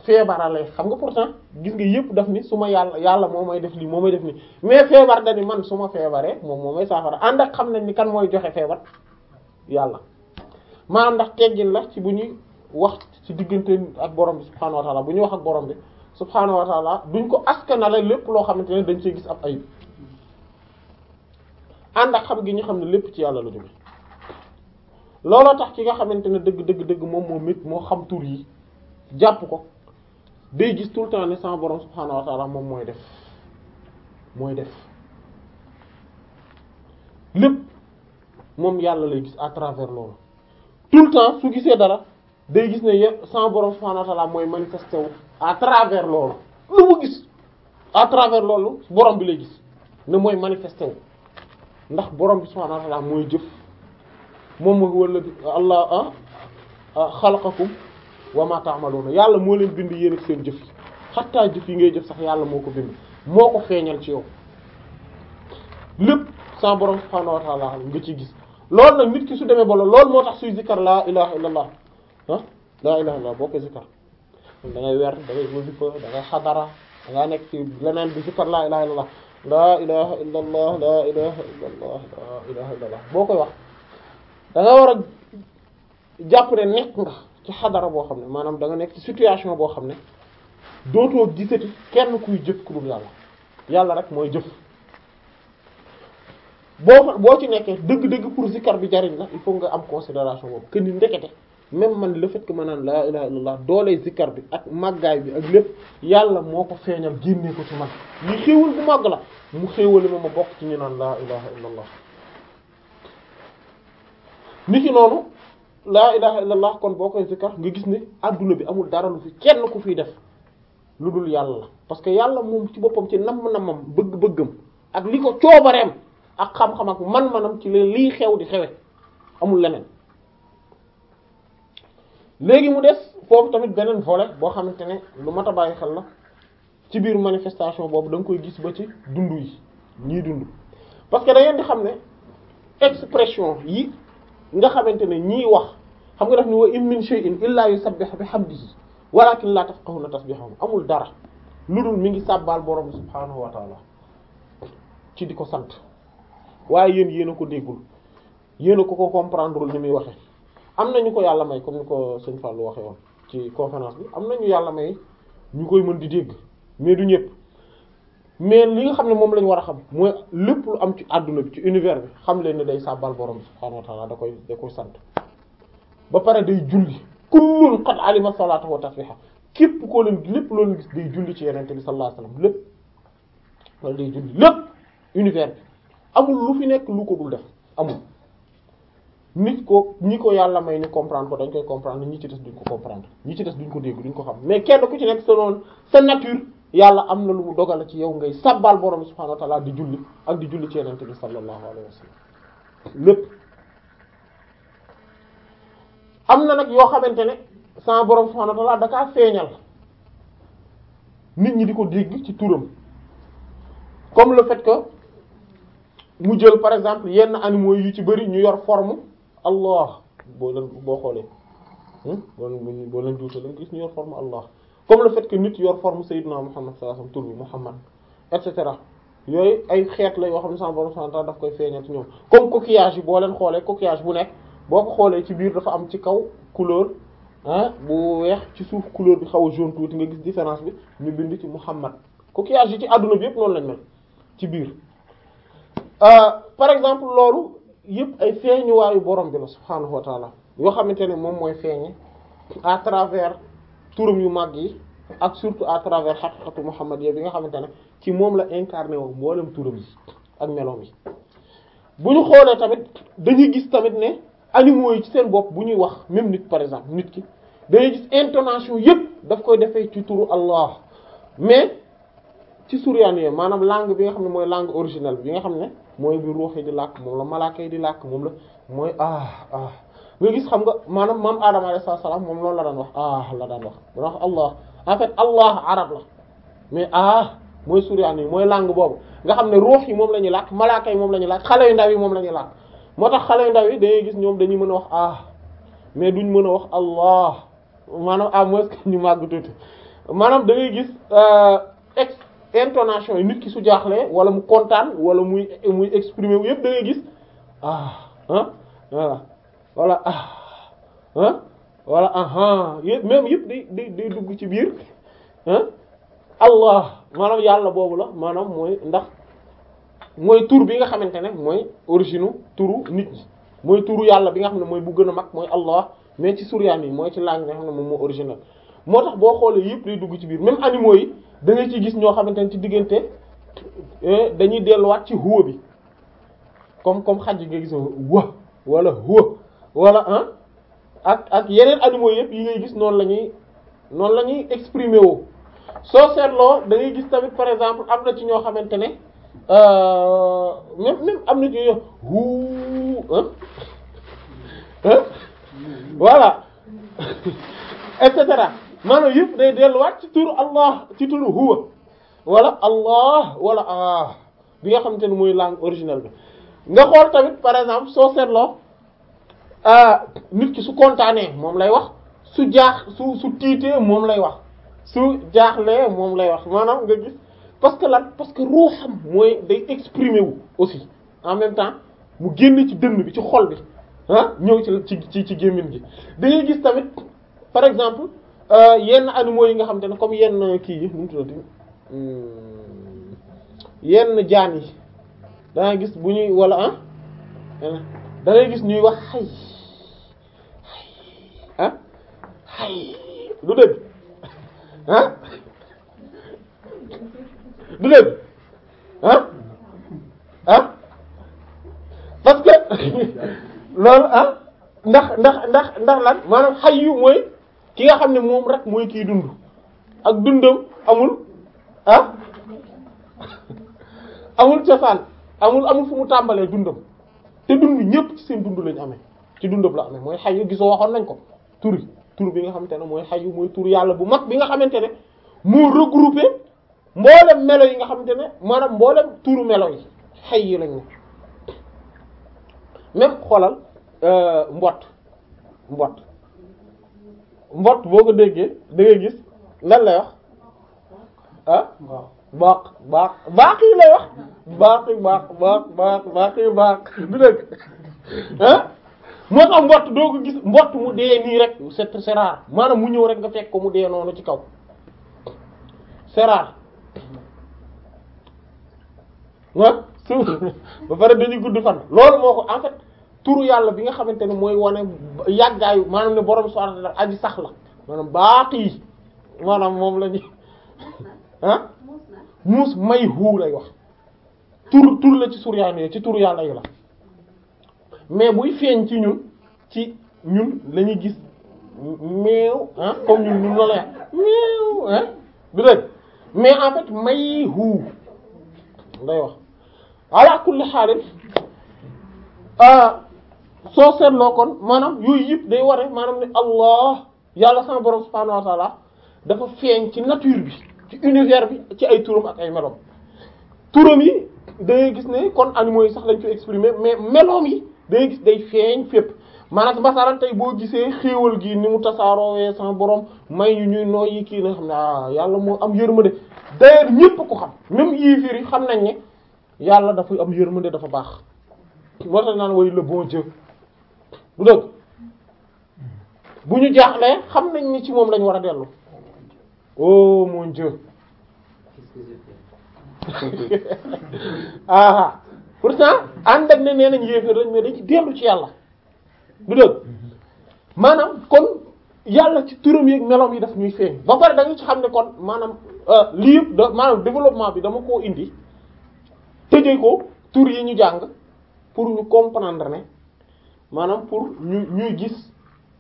feebaralee xam nga pourtant gis nga yëpp daf ni su ma yàlla yàlla moo may def lii moo may def nii mais feebar da ni man su ma feebaree moom moo may saafara ànd ak xam nañ ni kan mooy joxe feebar yàlla maanaam ndax teggin la ci bu ñuy wax ci diggante ak borom bi subhaanahu wa bu ñuy wax ak borom bi subhaanahu wa taala duñ ko askanale lépp loo xamante ne dañ see gis ab ayib ànd ak xam gi ñu xam ne lépp ci yàlla la jóge looloo tax ki nga xamante ne dëgg dëgg dëgg moom moo mit moo xam tur yi jàpp ko day gis tout le temps ne sama borom subhaanahu wa moom mooy def mooy def lépp moom yàlla lay gis à travers loolu tout su gisee dara day gis ne yëpp san borom subhaanahu wa mooy manifesté à travers loolu lu mu gis à travers loolu borom bi lay gis ne mooy manifesté wu ndax borom bi subhaanahu wa ta'aala mooy jëf moom mooy wala allah ah, ah xalaqakum wa ma ta'maluuna yàlla moo leen bind yéen seen jëf yi xattaa jëf yi ngay jëf sax yàlla moo ko bind moo ko feeñal ci yow lépp sama borom subhaanahu wa ta'aala nga ci gis loolu nag nit ki su demee ba loolu moo tax suy zikkar laa ilaha illallah ah laa ilaha illallah boo koy zikar da ngay wer da ngay wasifa xadara da nekk ci leneen bi zikar laa ilaha illallah laa ilaha boo koy wax da war a jàpp ne nekk nga ci xadara boo xam ne maanaam da nga nekk ci situation boo xam ne dootoo gisati kenn kuy jëf ku dul yàlla yàlla rek mooy jëf boo boo ci nekkee dëgg-dëgg pour zikar bi jariñ la il faut nga am considération boobu que ni ndekete même man le fait que ma naan laa ilaha illallah dooley zikkar bi ak màggaay bi ak lépp yàlla moo ko feeñal génnee ko ci man li xéewal bu màgg la mu xéewale ma ma bokk ci ñu naan laa ilaha illallah ni ki noonu laa ilaha illallah kon boo koy zikkar nga gis ne adduna bi amul dara lu fi kenn ku fi def lu dul yàlla parce que yàlla moom ci boppam ci namm-namam bëgg-bëggam ak li ko coobareem ak xam-xam ak man-manam ci la lii xew di xewe amul leneen léegi mu des foofu tamit beneen volet boo xamante ne lu mat a bàyyi xel la ci biir manifestation boobu da nga koy gis ba ci dund yi ñiy dund parce que da ngeen di xam ne expression yi nga xamante ne ñiy wax xam nga daf ni wa in xam shay'in illa yusabbihu bihamdihi walakin la tafqahuna tasbihahum xamul dara lu dul mi ngi sàbbaal borom subhaanahu wa ta'ala ci di ko sant waaye yéen yéen ko déggul yéen a ko ko comprendreul ni muy waxe am na ñu ko yàlla may comme ni ko sëñ Fallou waxee woon ci conférence bi am na ñu yàlla may ñu koy mën di dégg mais du ñëpp mais li nga xam ne moom lañu war a xam mooy lépp lu am ci àdduna bi ci univers bi xam leen ne day sàbbal borom bi subhaanahu wa ta'ala da koy da koy sant ba pare day julli kullun qad képp koo leen lépp loolu leen gis day julli ci yenente bi sallallahu alayhi wasallam lépp wala day amul lu fi nekk lu ko dul def amul nit ko ñi ko yàlla may ni comprendre ko dañ koy comprendre ñi ci des duñ ko comprendre ñi ci des duñ ko dégg duñ ko xam mais kenn ku ci nekk selon sa nature yàlla am na lu mu dogale ci yow ngay sabbal borom subhaanahu wa ta'aala di julli ak di julli ci yonent bi sallallahu alayhi wa sallam lépp am na nag yoo xamante ne sama borom subhaanahu wa ta'aala da kaa feeñal nit ñi di ko dégg ci turam comme le fait que mu jël par exemple yenn animaux yu ci bari ñu yor form allah boo leen boo xoolee hmm? boo leen boo leen juutal gis ñu yor forme allah comme le fait que nit yor forme sayyidina muhammad sallallahu alayhi wasallam tur bi muhammad et cetera yooyu ay xeet la yoo xam ne sama borom subhanahu wa ta'ala daf koy feeñal ci ñoom comme coquillage yi boo leen xoolee coquillage bu nekk boo ko xoolee ci biir dafa am ci kaw couleur ah bu weex ci suuf couleur bi xaw a jaune tuuti nga gis différence bi ñu bind ci muhammad coquillage yi ci àdduna bi yëpp noonu lañ mel ci biir euh, par exemple loolu yëpp ay feeñuwaayu borom bi la subhaanahu wa taala yoo xamante ne moom mooy feeñe à travers turam yu mag yi ak surtout à travers xaqiqatu Muhammad yi bi nga xamante ne ci moom la incarné woo mboolem turam yi ak meloom yi bu ñu xoolee tamit dañuy gis tamit ne animaux yi ci seen bopp bu ñuy wax même nit par exemple nit ki dañuy gis intonation yëpp daf koy defee ci turu Allah mais ci suryaani maanaam langue bi nga xam ne mooy langue originale bi nga xam ne mooy bi ruux yi di làkk moom la malaaka yi di làkk moom la mooy ah ah nga gis xam nga maanaam maam Adama alayhi salaam moom loolu la daan wax ah, la daan wax daan wax allah en fait allah arab la mais ah mooy suryaan yi mooy langue boobu nga xam ne ruux yi moom la ñuy làkk malaaka yi moom la ñuy làkk yu ndaw yi moom la ñuy làkk moo tax xale yu ndaw yi dangay gis ñoom dañuy mën a wax ah mais duñ mën a wax allah maanaam à ah, moins ñu màgg tuuti maanaam da gis euh, intonation yi nit ki su jaaxlee wala mu kontaan wala muy muy exprimer wu yëpp da gis ah ah, ah ah voilà ah ah voilà ah yëpp même yëpp day day day dugg ci biir ah allah maanaam yàlla boobu la maanaam mooy ndax mooy tur bi nga xamante ne mooy origine turu nit ñi mooy turu yàlla bi nga xam ne mooy bu gën a mag mooy allah mais ci suryaam yi mooy ci langue moom moo original moo tax boo xoolee yëpp day dugg ci biir même animaux yi. da ci gis ñoo xamante ne ci diggante eh, dañuy delluwaat ci huwa bi comme comme xaj yi nga gis wa wala huwa wala ah, ak ak yeneen animaux yëpp yi ngay gis noonu la ñuy noonu la ñuy exprimer woo soo seetloo da ngay gis tamit par exemple am na ci ñoo xamante ne euh, même am na ci ñoo huu ah, ah <laughs> et cetera maanaam yëpp day delluwaat ci turu allah ci turu huwa wala allah wala ah bi nga xamante ni mooy langue originelle bi nga xool tamit par exemple soo seetloo ah, nit ki su kontaanee moom lay wax su jaax su su tiitee moom lay wax su jaaxlee moom lay wax maanaam nga gis parce que lan parce que ruuxam mooy day exprimer wu aussi en même temps mu génn ci dënn bi ci xool bi ah ñëw ci ci ci gémmiñ gi da gis tamit par exemple Euh, yenn animaux yi nga xam xamante ne comme yenn kii yi nu mu tuddati hmm, yenn jaan yi dangay gis bu ñuy walla ah dangay gis ñuy wax xay ah xay du dëgg ah du dëgg ah ah <laughs> loolu ah ndax ndax ndax ndax lan maanaam xay yu mooy ki nga xam ne moom rek mooy kii dund ak dundam amul ah <laughs> amul cosaan amul amul fu mu tàmbalee dundam te dund ñépp ci seen dund lañu amee ci dundam la amee mooy xay yu gisoo waxoon nañ ko tur tur bi nga xamante ne mooy xay yu mooy tur yàlla bu mag bi nga xamante ne mu regroupé mboolem melo yi nga xamante ne maanaam mboolem turu melo yi xay yi lañ ne même xoolal euh, mbott mbott mbott boo ko déggee da ngay gis lan lay wax ah baax baax baax yi lay wax baax baax baax baax baax mbott doo ko gis mbott mu dee nii rek c'est c'est maanaam mu ñëw rek nga fekk ko mu dee noonu ci kaw c'est rare wa ah? <laughs> ba pare dañuy gudd fan loolu moo ko en fait turu yàlla bi nga xamante ne mooy wane yàggaayu maanaam ne borom subhaanahu wa ta'aala aji sax la maanaam baaqi maanaam moom la ñu <laughs> ah? may hu lay wax tur tur la ci suryaan yi ci turu yi la mais buy feeñ ci ñun ci ñun lañuy gis meew ah comme ñun ñun la la meew ah? mais en fait may hu lay wax ala kulli xaalis ah, soo seetloo kon maanaam yooyu yëpp day ware maanaam ne allah yàlla saa borom subhaanahu wa dafa feeñ ci nature bi ci univers bi ci ay turam ak ay melom turam yi dangay gis ne kon animaux yi sax lañ ko exprimer mais meloom yi dangay gis day feeñ fépp maanaam basaran tey boo gisee xéewal gi ni mu tasaaroowee sama borom may ñu ñuy nooy yi kii na xam ne ah, yàlla moo am yërmande d'ailleurs ñépp ko xam même yéeféer yi xam nañ ne yàlla dafa am yërmande dafa baax moo tax naan way le bu dëgg bu ñu jaaxlee xam nañ ni ci moom lañ war a dellu oh mon dieu <laughs> ah pourtant ànd ak ne nee nañ yéeféer lañ mais dañ ci dellu ci yàlla bu dëgg maanaam kon yàlla ci turam yeeg meloom yi daf ñuy feeñ ba pare dañu ci xam ne kon maanaam euh, lii yëpp da développement bi dama ko indi tëjee ko tur yi ñu jàng pour ñu comprendre ne maanaam pour ñu ñuy gis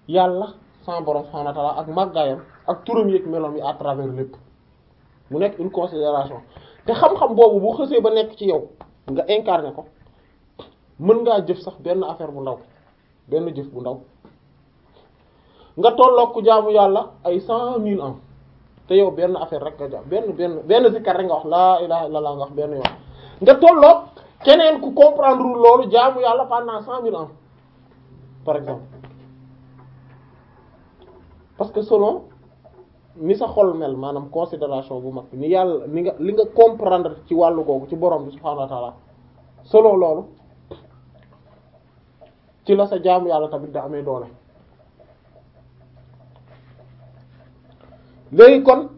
yàlla sans borom subhanahu wa ta'ala ak màggaayam ak turam yeeg meloom yi à travers lépp mu nekk une considération te xam-xam boobu bu xësee ba nekk ci yow nga incarné ko mën ngaa jëf sax benn affaire bu ndaw benn jëf bu ndaw nga tolloog ku jaamu yàlla ay cent mille ans te yow benn affaire rek nga jàpp benn benn benn zikkar rek nga wax laa ilaha illallah nga wax benn yoon nga tolloog keneen ku comprendre loolu jaamu yàlla pendant cent mille par exemple parce que solo ni sa xol mel maanaam considération bu mag ni yàlla ni nga li nga comprendre ci wàllu googu ci borom bi subhaanahu wa ta'ala solo loolu ci la sa jaamu yàlla tamit da amee doole léegi kon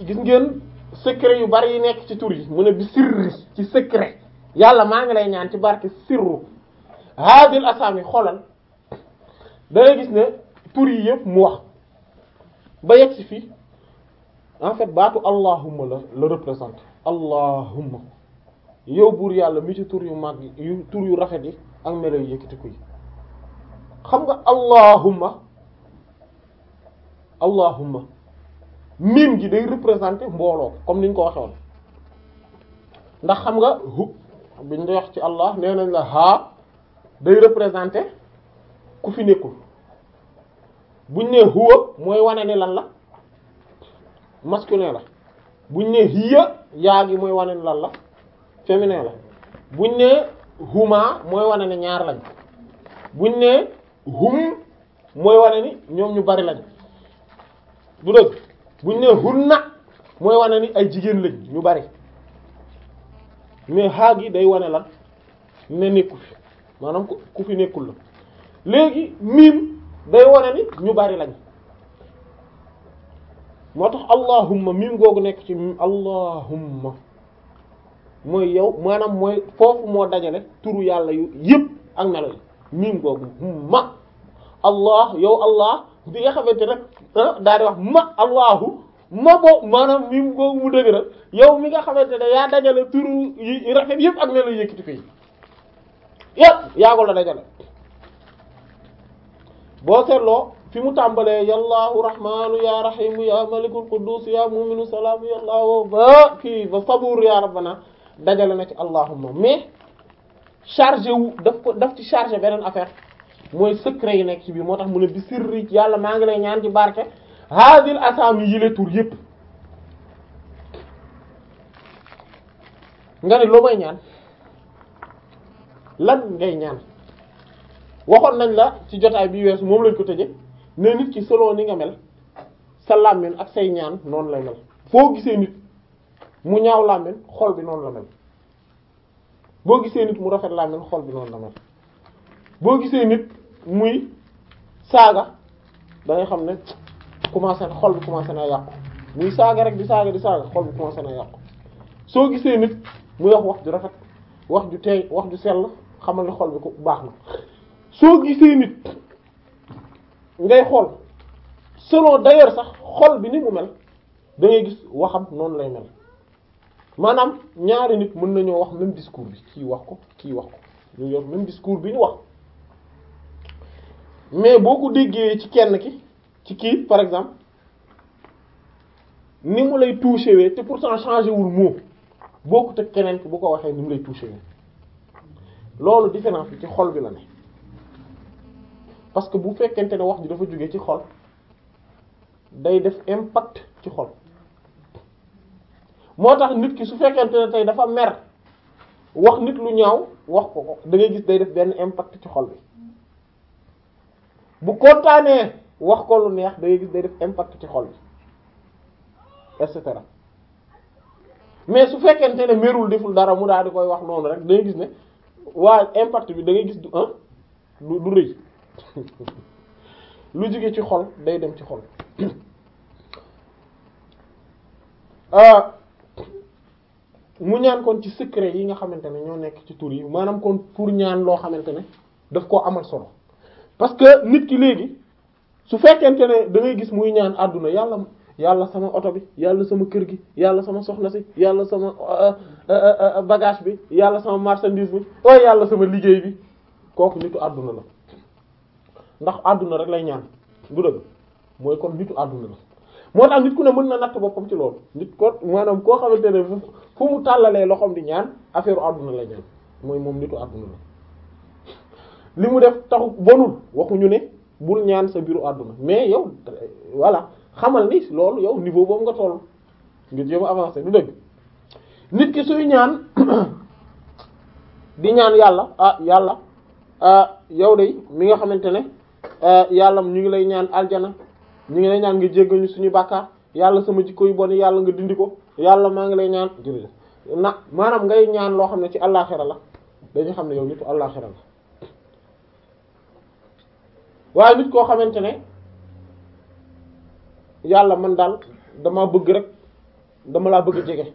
gis ngeen secret yu bari yi nekk ci tur yi mu ne bi sirri ci secret yàlla maa ngi lay ñaan ci barke sirru haadil asaami xolal da ngay gis ne tur yi yëpp mu wax ba yegg si fii en fait baatu allahumma la la représente allahumma yow buur yàlla mi ci tur yu mag yu tur yu rafet yi ak melo yu yëkkati ko yi xam nga allahumma allahumma miim gi day représenter mbooloo comme ni ñu ko waxee woon ndax xam nga hu biñ di wax ci allah nee nañ la haa day représenter ku fi nekkul buñ ne huwa mooy wane ni lan la masculin la buñ ne hiya yaa gi mooy wane ni lan la féminin la buñ ne huma mooy wane ni ñaar lañ buñ ne hum mooy wane ni ñoom ñu bari lañ du dëgg buñ ne na mooy wane ni ay jigéen lañ ñu bari mais xaag yi day wane lan ne nekku fi maanaam ku fi nekkul la léegi miim day wane ni ñu bari lañ moo tax allahumma miim googu nekk ci miim allahumma mooy yow maanaam mooy foofu moo dajale turu yàlla yu yëpp ak melo yi miim googu humma allah yow allah bi nga xamante nag ah daal di wax ma allahu ma boobu maanaam miim googu mu dëgg rek yow mi nga xamante ne yaa dajale turu rafet yëpp ak melo yëkkati fii yëpp yaa ko la dajale boo seetloo fi mu tàmbalee yallaahu rahmaanu ya rahimu ya malikul quddus ya muminu salaamu yallaahu ba kii ba sabuur ya rabbana dajale na ci allahumma mais chargé wu daf ci chargé beneen affaire mooy secret yi nekk ci biir moo tax mu ne bi sirri yàlla maa ngi lay ñaan ci barke haadil asaami yile tur yépp nga ne loo may ñaan lan ngay ñaan waxoon nañ la ci jotaay bi weesu moom lañ ko tëje ne nit ki selon ni nga mel sa làmmiñ ak say ñaan noonu lay mel foo gisee nit mu ñaaw làmmiñ xol bi noonu la mel boo gisee nit mu rafet làmmiñ xol bi noonu la boo gisee nit muy saaga da xam ne commencer xol bi commencé na yàqu muy saaga rek di saaga di saaga xol bi commencé na yàqu soo gisee nit muy wax wax ju rafet wax ju teey wax ju sell xamal ne xol bi ko baax na soo gisee nit ngay xool selon d'ailleurs sax xol bi ni mu mel da ngay gis waxam noonu lay mel maanaam ñaari nit mën nañoo wax même discours bi kii wax ko kii wax ko ñu yor même discours bi ñu wax mais boo ko déggee ci kenn ki ci kii par exemple ni mu lay touché wee te pourtant changé wul mot boo ko teg keneen ki bu ko waxee ni mu lay touché wee loolu différence bi ci xol bi la ne parce que bu fekkente ne wax ji dafa jóge ci xol day def impact ci xol moo tax nit ki su fekkente ne tey dafa mer wax nit lu ñaaw wax ko ko da ngay gis day def benn impact ci xol bi bu kontaanee wax ko lu neex da ngay gis day def impact ci xol bi et cetera mais su fekkente ne merul deful dara mu daal di koy wax noonu rek da gis ne waa impact bi da ngay gis du du rëy <laughs> lu jóge ci xol day dem ci xol <clears throat> ah, mu ñaan kon ci secret yi nga xamante ne ñoo nekk ci tur yi maanaam kon pour ñaan loo xamante ne daf koo amal solo parce que nit ki léegi su fekkente ne dangay gis muy ñaan àdduna yàlla yàlla sama oto bi yàlla sama kër gi yàlla sama soxna yàlla sama ah, ah, bagage bi yàlla sama marchandise bi waaye oh, yàlla sama liggéey bi kooku nitu àdduna la ndax àdduna rek lay ñaan bu dëgg mooy kon nitu àdduna la moo tax nit ku ne mën na natt boppam ci loolu nit ko maanaam koo xamante ne fu mu tàllalee loxoom di ñaan affaire àdduna la ñaan mooy moom nitu àdduna la def taxu bonul waxuñu ne bul ñaan sa biiru àdduna mais yow voilà xamal ni loolu yow niveau boobu nga toll ngir jéem a avancer du dëgg nit ki suy ñaan <coughs> di ñaan yàlla ah yàlla ah yow de mi nga xamante ne Euh, yàlla ñu ngi lay ñaan aljana ñu ngi lay ñaan ngi jéggal ñu suñu bàkkaar yàlla sama jikko yu bon yàlla nga dindi ko yàlla maa ngi lay ñaan jërëjëf na maanaam ngay ñaan loo xam ne ci àllaaxira la dañu xam ne yow nitu àllaaxira la waaye nit koo xamante ne yàlla man daal dama bëgg rek dama laa bëgg jege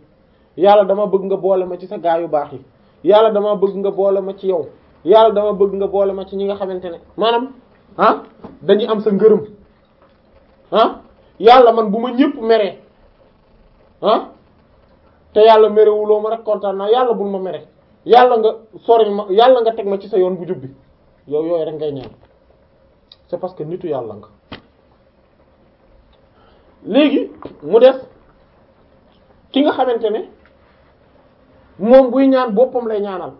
yàlla dama bëgg nga boole ma ci sa gaa yu baax yi yàlla dama bëgg nga boole ma ci yow yàlla dama bëgg nga boole ma ci ñi nga xamante ne maanaam ah dañuy am sa ngërëm ah yàlla man bu ma ñëpp meree ah te yàlla merewuloo ma rek kontaan yàlla bul ma mere yàlla nga sori ma yàlla nga teg ma ci sa yoon bu jub bi yow yooyu rek ngay ñaan c'est parce que nitu yàlla nga léegi mu des ki nga xamante ne moom buy ñaan boppam lay ñaanal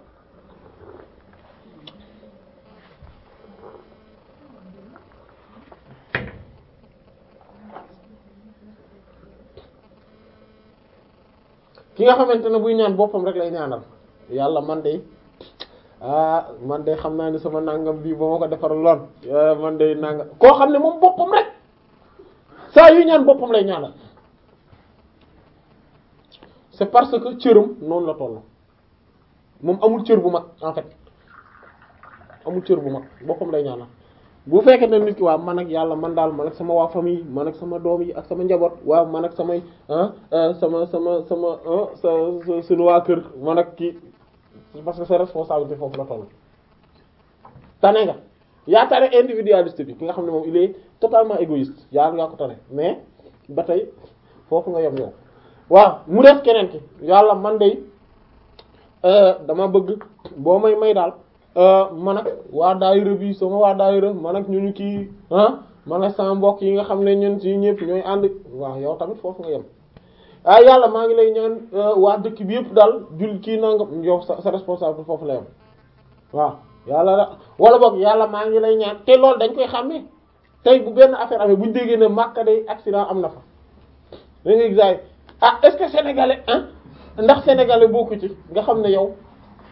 ki nga xamante ne buy ñaan boppam rek lay ñaanal yàlla man de ah man de xam naa ni sama nangam bii ba ma ko defar lool ah, man de nàngam koo xam ne moom boppam rek saa yu ñaan boppam lay ñaanal c'est parce que cëram noonu la toll moom amul cër bu mag en amul cër bu mag boppam lay ñaanal. bu fekkee ne nit ki waaw man ak yàlla man daal man ak sama waa famille man ak sama doom yi ak sama njaboot waaw man ak samay ah, ah, sama sama sama ah, sa suñu waa kër man ak kii parce que sa responsabilité foofu la toll tane nga yaa tane individualiste bi ki nga xam ne moom il est totalement égoïste yaa ngaa ko tane mais ba tey foofu nga yem yow waaw mu def keneen ki yàlla man day euh, dama bëgg boo may may daal Euh, man ak waa daayira bi sama waa daayira man ak ñu ñu kii ah man ak sama mbokk yi nga xam ne ñun ci ñëpp ñooy ànd waaw yow tamit foofu nga yem ah yàlla maa ngi lay ñaan euh, waa dëkk bi yëpp daal jul kii nangam yow sa sa responsable foofu la yem waaw yàlla wala boog yàlla maa ngi lay ñaan te loolu dañ koy xàmmee tey bu benn affaire amee bu déggee ne Makka day accident am na fa da nga ah est-ce que ah ndax sénégalais bokku ci nga xam ne yow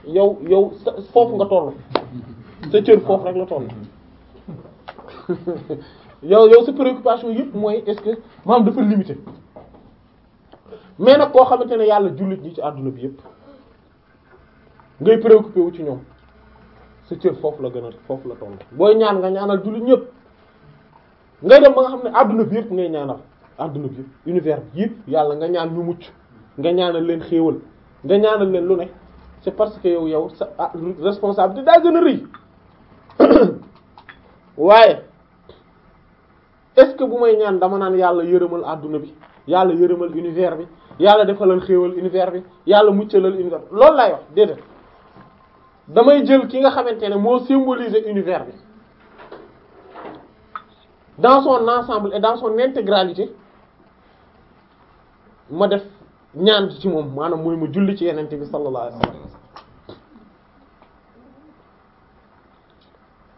yow yow foofu nga toll sa cër foofu rek la toll <laughs> yow yow sa préoccupation yëpp mooy est-ce que maanaam dafa limité mais nag koo xamante ne yàlla jullit ñi ci àdduna bi yëpp ngay préoccupé wu ci ñoom sa cër foofu la gën a foofu la toll booy ñaan nga ñaanal jullit ñëpp ngay dem ba nga xam ne àdduna bi yëpp ngay ñaanal àdduna bi yëpp univers bi yëpp yàlla nga ñaan ñu mucc nga ñaanal leen xéewal nga ñaanal leen lu ne c'est parce que yow yow sa ah responsabilité daa gën a rëy <coughs> waaye est-ce que bu may ñaan dama naan yàlla yërëmal àdduna bi yàlla yërëmal univers bi yàlla defalal xéewal univers bi yàlla muccalal univers bi loolu laay wax déedéet damay jël ki nga xamante ne moo symboliser univers bi dans son ensemble et dans son intégralité ma def ñaan ci moom maanaam mooy ma julli ci yenente bi sallallahu alayhi wasallam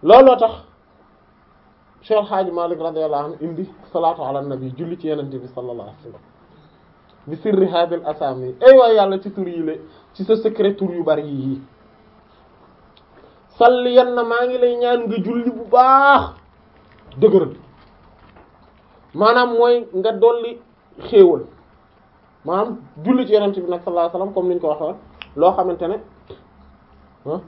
looloo tax Cheikh Hadji Malick radiyallahu anhu indi salaatu ala nabi julli ci yenente bi sallallahu alayhi wasallam bi sirri hadil asami ay waay yàlla ci tur yi la ci sa secret tur yu bari yi salli yan maa ngi lay ñaan nga julli bu baax dëgëral maanaam mooy nga dolli xéewal maanaam julli ci yonent bi nag sallallahu alayhi comme ni ñu ko waxoon loo xamante ne ah,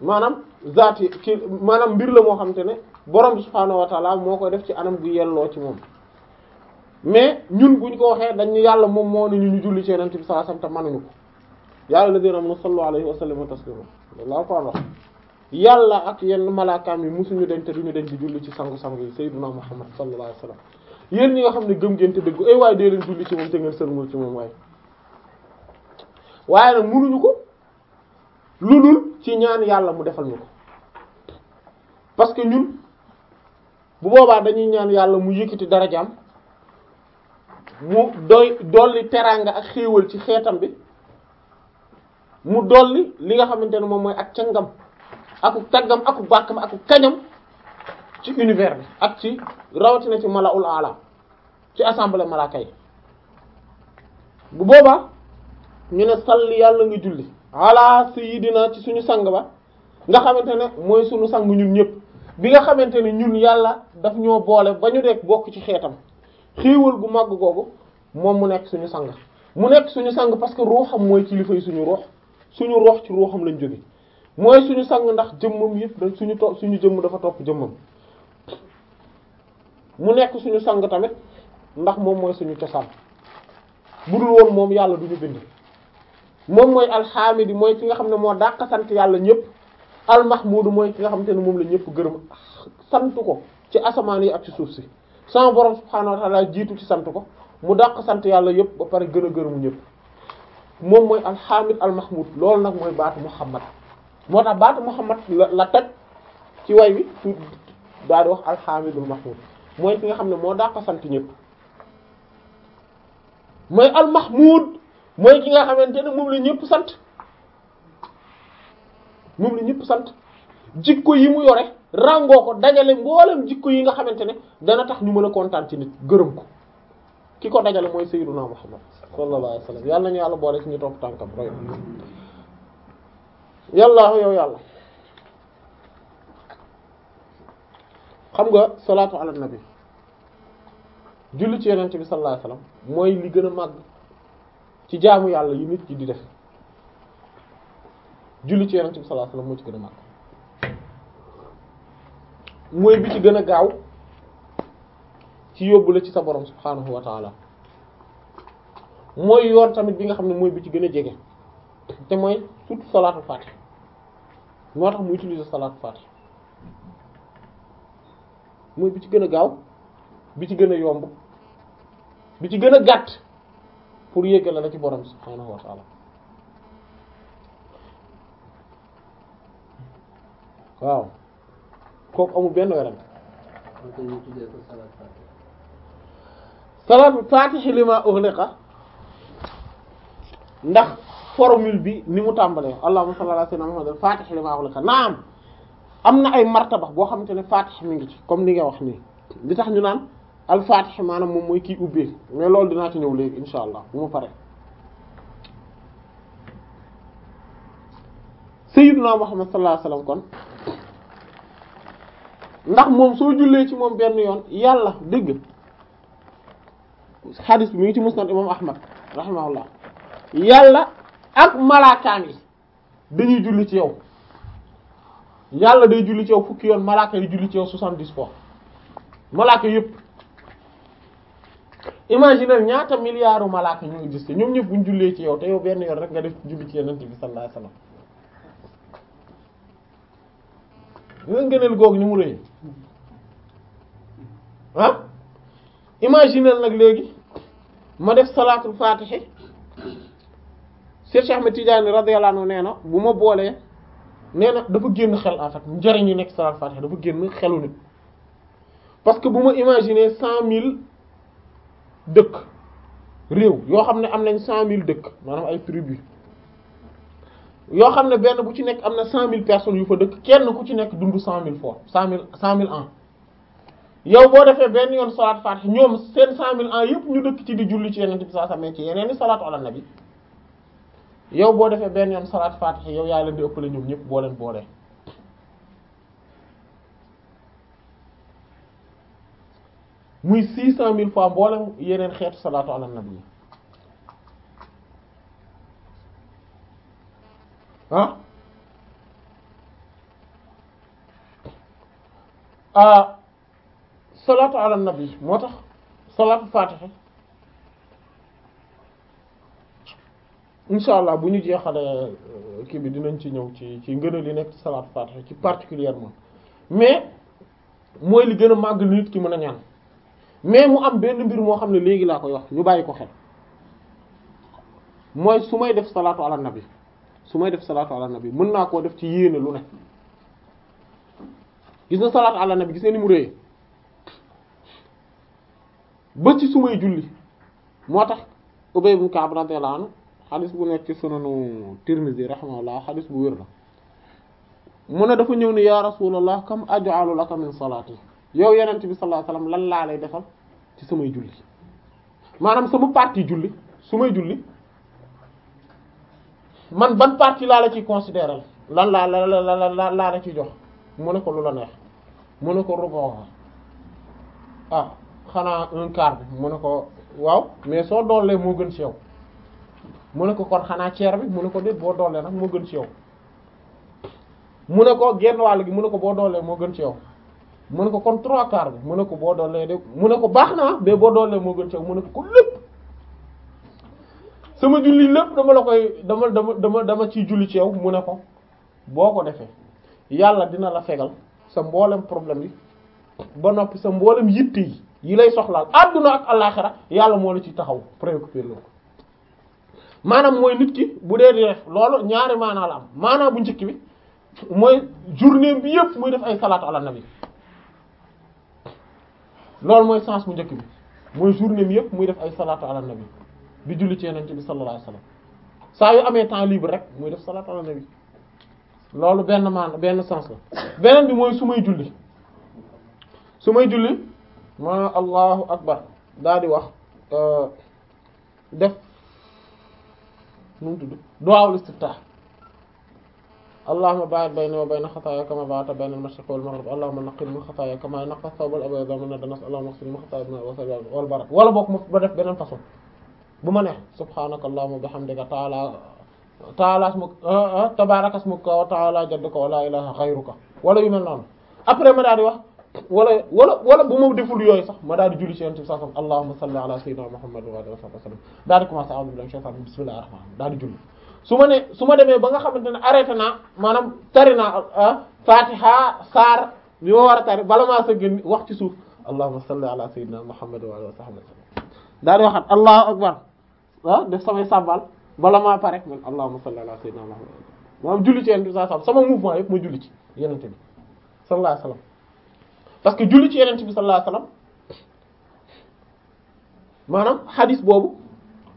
maanaam zaat yi ci maanaam mbir la moo xamante ne borom subhaanahu wa ta'ala moo koy def ci anam gu yelloo ci moom mais ñun buñ ko waxee dañu yàlla moom moo ne ñu ñu julli ci yonent bi sallallahu alayhi man te mënuñu ko yàlla la dina mun sallu alayhi wa sallam taslima laa ko wax yàlla ak yenn malaakaam yi musuñu dañ te duñu dañ di julli ci sangu-sangu yi sayyiduna muhammad sallallahu alayhi wasallam yéen ñi nga xam ne gëm ngeen te dëggu ay eh waaye dee leen julli ci moom te ngeen sërmul ci moom waaye waaye nag munuñu ko lu dul ci ñaan yàlla mu defal ñu ko parce que ñun bu boobaa dañuy ñaan yàlla mu yëkkati darajaam mu doy dolli teraanga ak xéewal ci xeetam bi mu dolli li nga xamante ne moom mooy ak cangam aku taggam aku bàkkam aku kañam ci univers bi ak ci rawatina ci mala ul ala ci assemblée malaaka kay bu ñu ne sall yàlla nga julli ala sayidina ci suñu sang ba nga xamante ne mooy suñu sang ñun ñëpp bi nga xamante ne ñun yàlla daf ñoo boole ba ñu rek bokk ci xeetam xiiwal gu màgg googu moom mu nekk suñu sang mu nekk suñu sang parce que ruuxam mooy kilifa yi suñu ruux suñu ruux ci ruuxam lañ jóge mooy suñu sang ndax jëmmam yëpp suñu suñu jëmm dafa topp jëmmam mu nekk suñu sang tamit ndax moom mooy suñu cosaan budul woon moom yàlla du ñu bind moom mooy alxamidi mooy ki nga xam ne moo dàq sant yàlla ñëpp almahmudu mooy ki nga xam te ne moom la ñëpp gërëm sant ko ci asamaan yi ak ci suuf si sama borom subhaanahu wa jiitu ci sant ko mu dàq sant yàlla yëpp ba pare gën a gërëmu ñëpp moom mooy alxamid almahmud loolu nag mooy baatu muhammad moo tax baatu muhammad la la teg ci way wi tu daal di wax alxamidul mahmud mooy ki nga xam ne moo dàq sant ñëpp mooy al mahmud mooy ki nga xamante ne moom la ñëpp sant moom la ñëpp sant jikko yi mu yore ràngoo ko dajale mboolem jikko yi nga xamante ne dana tax ñu mën a kontaan ci nit gërëm ko ki ko dajale mooy sayyiduna muhammad sallallahu alayhi wasallam yàlla nañu yàlla boole ci ñu topp tànkam roy yàlla yow yàlla xam nga salaatu ala nabi julli ci yonent bi sallallahu alayhi wasallam mooy li gën a màgg ci jaamu yàlla yi nit ki di def julli bi sallallahu alayhi wasallam moo ci gën a màgg bi ci gën a gaaw ci yóbbu ci sa borom subhaanahu wa mooy yoon tamit bi nga xam ne mooy bi ci gën a jege te mooy surtout salaatul faatih tax mu utiliser salaatul faatih mooy bu ci gën a gaaw bi ci gën a yomb bi ci gën a gàtt pour yéggale la ci borom subhaanahu wa ta'ala waaw kooku amul benn werante salaatul faatihi limaa ughliqa ndax formule bi ni mu tàmbalee allahumma salli ala sayyidina muhammad al faatihi limaa ughliqa naam am na ay martaba boo xamante ne Faatix mi ngi ci comme ni nga wax nii li tax ñu naan al Faatix maanaam moom mooy kii ubbee mais loolu dinaa ci ñëw léegi insha allah bu ma pare Sayyiduna Muhammad sallallahu alayhi wasallam kon ndax moom soo jullee ci moom benn yoon yàlla dëgg xalis bi mi ngi ci musnad imam ahmad rahimahullah yàlla ak malaakaam yi dañuy julli ci yow yàlla day julli ci yow fukki yoon malaaka yi julli ci yow soixante-dix fois malaaka yëpp imaginer ñaata milliards malaaka ñu existe ñoom ñëpp buñ jullee ci yow te yow benn yoon rek nga def julli ci yonent bi sallallahu alayhi wasallam nga ngëneel googu ni mu rëy ah imaginer nag léegi ma def salaatul faatihi Cheikh Ahmed Tidiane radiyallahu anhu nee na bu ma boolee nee na dafa génn xel en fait njariñ yi nekk salaatu faatiha dafa génn xelu nit parce que bu ma imaginer cent mille dëkk réew yoo xam ne am nañ cent mille dëkk maanaam ay tribu yoo xam ne benn bu ci nekk am na cent mille personnes yu fa dëkk kenn ku ci nekk dund cent mille fois cent mille cent mille ans yow boo defee benn yoon salaatu faatiha ñoom seen cent mille ans yëpp ñu dëkk ci di julli ci yeneen saa samee ci yeneen i salaatu ala nabi yow boo defee benn yoon salaat faatiha yow yaa leen di ëppale ñoom ñëpp boo leen boolee muy six cent mille fois mboolem yeneen xeetu salaatu ala nabi ah ah salaatu ala nabi moo tax salaatu faatiha incha allah bu ñu jeexalee euh, kii bi dinañ ci ñëw ci ci ngëneel li nekk salaat faatiha ci particulièrement mais mooy li gën a màgg lu nit ki mën a ñaan mais mu am benn mbir moo xam ne léegi laa koy wax ñu bàyyi ko xel mooy su may def salaatu ala nabi su may def salaatu ala nabi mën naa koo def ci yéene lu ne gis na salaatu ala nabi gis na ni mu réyee ba ci su may julli moo tax Ubay ibn Ka'b radiyallahu anhu xadis bu nekk ci sunanu Tirmidhi rahimahullah xadis bu wér la mu ne dafa ñëw ni ya rasulallah kam aj'alu laka min salaati yow yenent bi sallallahu alayhi wasallam lan laa lay defal ci samay julli maanaam sama partie julli su may julli man ban partie laa la ciy considérer lan laa la la ci jox mu ne ko lu la neex mu ne ko rubu ah xanaa un quart mu ne ko waaw mais soo doolee moo gën ci yow mu ne ko kon xanaa ceer bi mu ne ko déet boo doolee nag moo gën ci yow mu ne ko genn wàll gi mu ne ko boo doolee moo gën ci yow mu ne ko kon trois quarts bi mu ne ko boo doolee de mu ne ko baax na mais boo doolee moo gën ci yow mu ne ko kon lépp sama julli lépp dama la koy dama dama dama dama ciy julli ci yow mu ne ko boo ko defee yàlla dina la fegal sa mboolem problème bi ba noppi sa mboolem yitte yi lay soxlaal àdduna ak àllaaxira yàlla moo la ci taxaw préoccupé loo ko maanaam mooy nit ki bu dee def loolu ñaari maanaa la am maanaa bu njëkk bi mooy journée bi yëpp muy def ay salaatu ala nabi loolu mooy sens bu njëkk bi mooy journée bi yëpp muy def ay salaatu ala nabi di julli ci yonent bi sallallahu alayhi saa yu amee temps libre rek muy def salaatu ala nabi loolu benn maana benn sens la beneen bi mooy su may julli su may julli ma allahu akbar daal di wax euh, def nu mu tudd duwaawul istiftah allahumma baa'id bayni wa bayna xataaya kama baa'adta bayna al-mashriqi wal maghrib allahumma naqqini min xataaya kama yanqqa ath-thawbu al-abyadu min ad-danas allahumma ighfir li min xataaya wal barak wala boog ma ba def beneen façon bu ma neex subhaanaka allahumma bihamdika ta'ala ta'ala ismuka ah, ah, tabaaraka ismuka wa ta'ala jadduka wa laa ilaaha ghayruka wala yu mel noonu après ma daal di wax. wala wala wala bu ma deful yooyu sax ma daal di julli ci yonent bi sallallahu alayhi wa sallam allahumma salli ala sayyidina muhammad wa alihi wa sallam daal di commencé a'udhu billahi minash shaytanir rajim bismillahir rahmanir rahim daal di julli su ma ne su ma demee ba nga xamante ne arrêté naa maanaam tari naa ah, fatiha saar bi ma war a tari bala maa sa gën wax ci suuf allahumma salli ala sayyidina muhammad wa alihi wa sallam daal di waxaat allahu akbar ah def samay sàbbal bala maa pare man allahumma salli ala sayyidina muhammad maanaam julli ci yonent bi sallallahu alayhi wa sallam sama mouvement yëpp ma julli ci yonent bi sallallahu alayhi wa sallam parce que julli ci yeneen bi sallallahu alayhi wasallam maanaam xadis boobu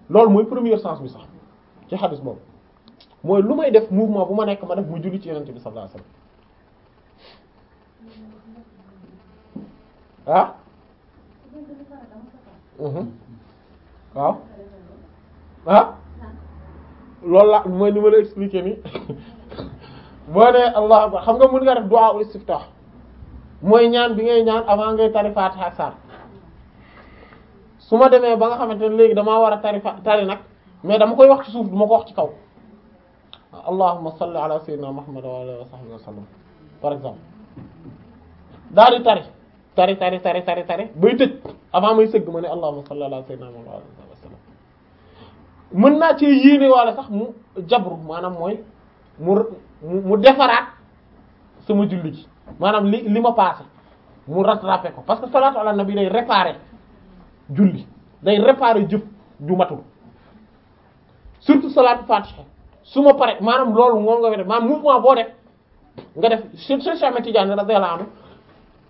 loolu mooy première sens bi sax ci xadis boobu mooy lu may def mouvement bu ma nekk ma def mu julli ci yeneen bi sallallahu alayhi wasallam ah mhm. waaw ah loolu la mooy ni ma la expliquer ni <laughs> boo ne allah xam nga mën nga def du'a ul istiftah mooy ñaan bi ngay ñaan avant ngay tari Fatiha ak saar su ma demee ba nga xamante ne léegi damaa war a tari fa tari nag mais dama koy wax ci suuf duma ko wax ci kaw allahumma salli ma sayyidina muhammad wa alihi wa sahbihi wa sallam par exemple tari tari tari tari tari tari bay tëj sëgg ma ne allahumma salli ala naa ci yéene wala sax mu jabru maanaam mooy mu mu defaraat sama julli ji maanaam li li ma passé mu rattrapé ko parce que salaatu ala nabi day réparer julli day réparer jëf ju matul surtout salaatu fatiha su ma pare maanaam loolu moom nga def maanaam mouvement boo def nga def Cheikh Cheikh Ahmed Tidiane radiyallahu anhu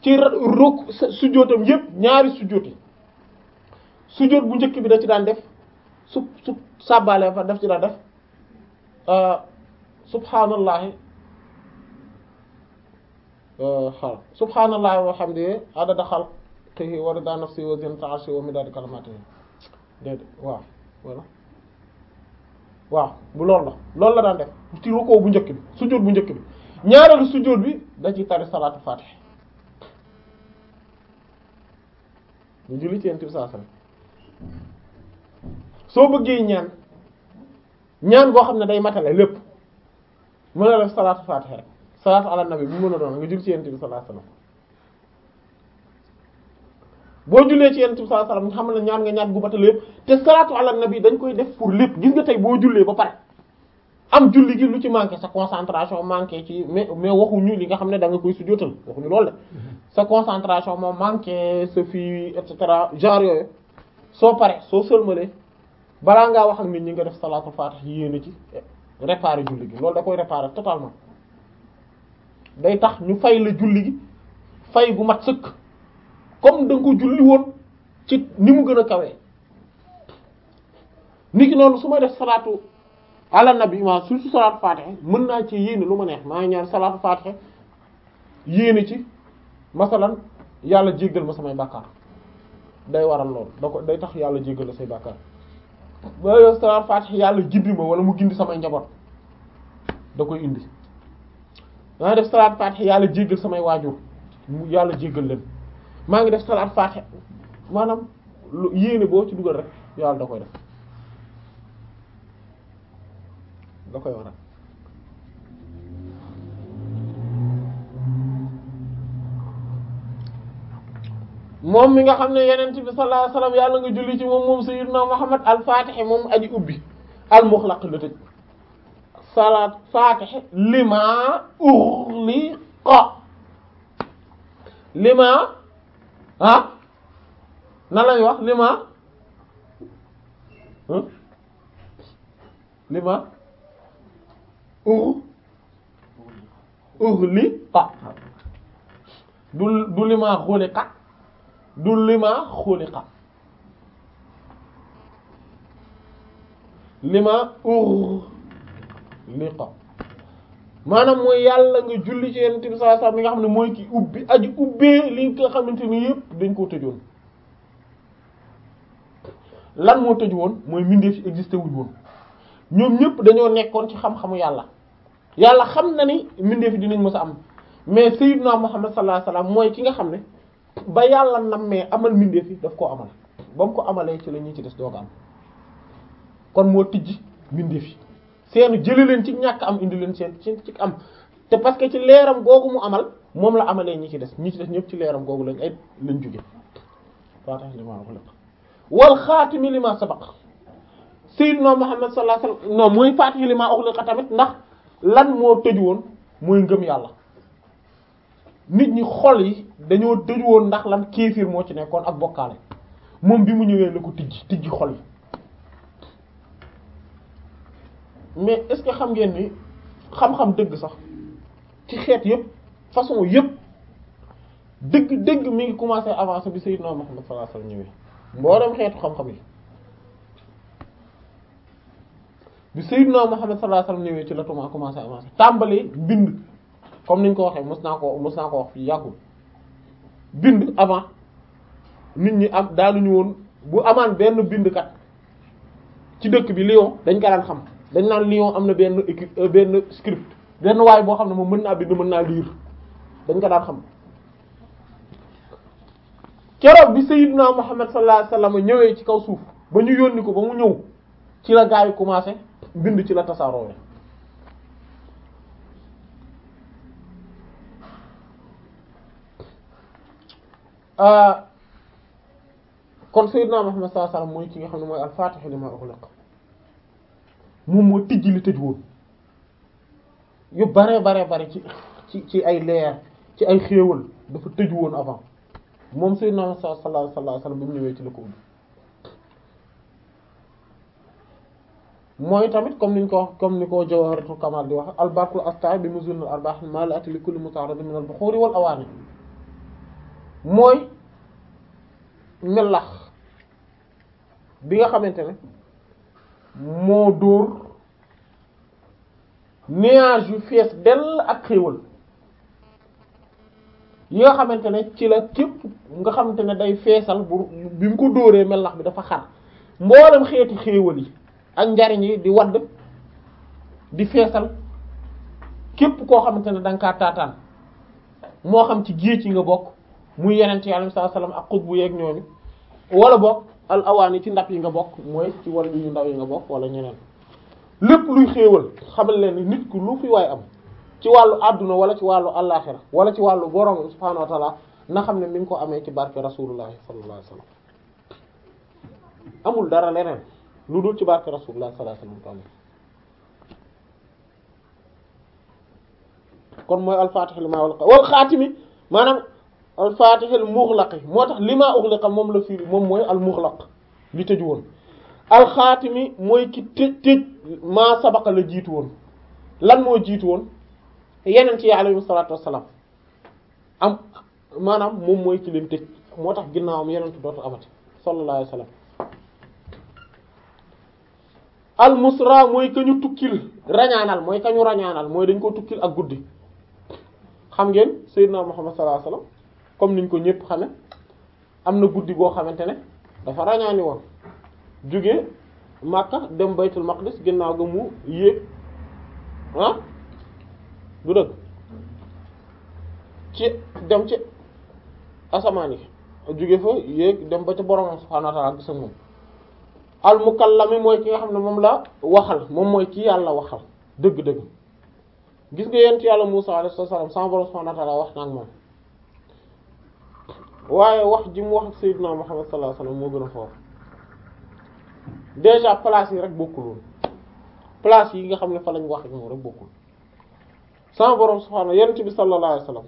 ci rukk sujjóotam yépp ñaari sujjóot yi bu njëkk bi da ci daan def su su sàbbaale fa def ci daan def euh, subhaanallahi xalq subhaanallahi wa hamdihi adada xalqihi wa ridaa nafsihi wa zinata arshihi wa midaada kalimaatihi déedéet waaw voilà waaw bu loolu la loolu la daan def ci rukkoo bu njëkk bi sujjóot bu njëkk bi ñaareelu sujjóot bi da ci tari salaatu faatiha ñu julli soo bëggee ñaan ñaan boo xam ne day matale lépp mën a def salaatu faatiha rek salaatu ala nabi bu mën a doon nga jul ci yonent bi sallallahu alayhi boo jullee ci yonent bi sallallahu alayhi xam ne ñaan ñaan gu lépp te salaatu ala nabi dañ koy def pour lépp gis nga tey boo jullee ba pare am julli gi lu ci manqué sa concentration manqué ci mais mais waxuñu li nga xam ne da nga koy sujjóotal waxuñu loolu la sa concentration moom manqué sa fii et cetera genre yooyu soo pare soo sëlmalee balaa ngaa wax ak nit ñi nga def salaatul faatih yéene ci réparer julli gi loolu da koy réparer totalement day tax ñu fay la julli gi fay gu mat sëkk comme da ko julli woon ci ni mu gën a kawee ki noonu su ma def salaatu ala bi ma su su salaatu fatiha mën naa ci yéene lu ma neex maa ñaan salaatu fatiha yéene ci masalan yàlla jéggal ma samay bàkkaar day waral loolu da ko day tax yàlla jéggal la say bàkkaar ba salaatu fatiha yàlla gindi ma wala mu gindi samay njaboot da ko indi maa ngi def salaat faatiha yàlla jéggal samay waajur yàlla jéggal leen maa ngi def salaat faatiha maanaam lu yéene boo ci dugal rek yàlla da koy def da koy waral moom mi nga xam ne yeneen bi sallallahu alayhi yàlla nga julli ci moom moom sayyidina Muhammad al-Fatih moom aji ubbi al-Mughlaq la tëj salaat faatixe lima ughliqa lima ah nan lañuy wax lima hmm? lima ugh ughliqa du du lima xuliqa du lima xuliqa lima ugh miqat maanaam mooy yàlla nga julli ci yonent bi sallallahu alayhi mi nga xam ne mooy ki ubbi aji ubbee li nga xamante ni yëpp dañ koo tëjoon lan moo tëj woon mooy mbindeef yi existé wuñ woon ñoom ñëpp dañoo nekkoon ci xam-xamu yàlla yàlla xam na ni mbindeef yi dinañ mës a am mais naa Muhammad sallallahu alayhi wasallam mooy ki nga xam ne ba yàlla mais amal mbindeef yi daf koo amal ba mu ko amalee ci la ci des doog am kon moo tijji mbindeef yi seenu jëli leen ci ñàkk am indi leen seen ci ci am te parce que ci leeram googu mu amal moom la amalee ñi ci des ñi ci des ñëpp ci leeram googu lañ ay lañ jóge faatax limaa ughliqa wal xaatimi limaa sabaq sayyidina Muhammad sallallahu alayhi wasallam non mooy faatax limaa ughliqa tamit ndax lan moo tëj woon mooy ngëm yàlla nit ñi xol yi dañoo tëj woon ndax lan kéefir moo ci nekkoon ak bokkaale moom bi mu ñëwee la ko tijji tijji xol yi mais est-ce que xam ngeen ni xam-xam dëgg sax ci xeet yépp façon yépp dëgg dëgg mi ngi commencer avancer bi Sayyidna Muhammad sallallahu alayhi wasallam ñëwee mboolem xeetu xam-xam yi bi Sayyidna Muhammad sallallahu alayhi wasallam ñëwee ci la tuma commencer avancer tàmbali bind comme niñ ko waxee mos naa ko mos naa ko wax fii yàggul bind avant nit ñi am daanuñu woon bu amaan benn bindkat ci dëkk bi Lyon dañ ko daan xam dañ naan Lyon am na benn équipe euh, benn script benn waay boo xam ne moom mën naa bind mën naa lire dañ ko daan xam keroog bi naa Muhammad sallallahu alayhi wasallam ñëwee ci kaw suuf ba ñu yónni ko ba mu ñëw ci la gaa yi commencé bind ci la tasaaroo euh, kon Sayyidna Muhammad sallallahu alayhi wasallam mooy ki nga xam ne mooy al-Fatih lima ughliq moom moo tijji li tëj woon yu bare bare bare ci ci ci ay leer ci ay xéewal dafa tëj woon avant moom sayyidina sallallahu alayhi wa sallam bi mu ñëwee ci la ko ubbi mooy tamit comme niñ ko comme ni ko Jawharatul Kamal di wax albarkul asta bi muzunul arbah malati li kulli mutaarad min al bukhuri wal mooy melax bi nga xamante ne moo dóor nuage yu fees dell ak xéewal yoo nga xamante ne ci la képp nga xamante ne day feesal bu bi mu ko dóoree melax bi dafa xar mboolem xeetu xéewal yi ak njariñ yi di wadd di feesal képp koo xamante ne danga kaa taataan moo xam ci géej yi nga bokk mu yeneen ci Yàlla sallallahu alayhi wasallam ak xutbu yeeg ñooñu bokk al awaan yi ci ndab yi nga bokk mooy ci wala ñu ndaw yi nga bokk wala ñeneen lépp luy xéewal xamal leen ni nit ku lu fi waay am ci wàllu àdduna wala ci wàllu allaaxira wala ci wàllu borom subhaanahu wa na xam ne mi ko amee ci barke rasulullahi sallallahu alayhi wasallam amul dara leneen lu ci barke rasulullahi sallallahu alayhi wasallam kon mooy al-faatih li maa wal xaatimi maanaam al faatihi al muxlaqi moo tax li maa uxliqa moom la firi moom mooy al muxlaq li tëju woon al xaatimi mooy ki tëj tëj maa sabaqa la woon lan moo jiitu woon yeneen ci yi alayhi salaatu maanaam moom mooy ki leen moo tax ginnaawam yeneen dootu amati sallallahu alayhi wasallam al musra mooy ka ñu tukkil rañaanal mooy ka ñu rañaanal mooy dañ ko tukkil ak guddi xam ngeen naa Muhammad sallallahu alayhi wasallam comme niñ ko ñëpp xame am na guddi goo xamante ne dafa rañaani woon jóge Makka dem baytul maqdis ginnaaw ga mu yéeg ah du dëgg ci dem ci asamaan yi jóge fa yéeg dem ba ca borom subhaanahu wa ta'aala gis moom al mukallami mooy ki nga xam ne moom la waxal moom mooy ki yàlla waxal dëgg-dëgg gis nga yent yàlla Muusaa alayhi salaam sama borom subhaanahu wa ta'aala wax na ak moom waaye wax ji mu wax ak Seydina Muhammad sallallahu moo gën a foofu déjà place yi rek bokkul woon place yi nga xam ne fa lañ wax ak moom rek bokkul sama borom subhaanahu yonent bi sallallahu alayhi wasallam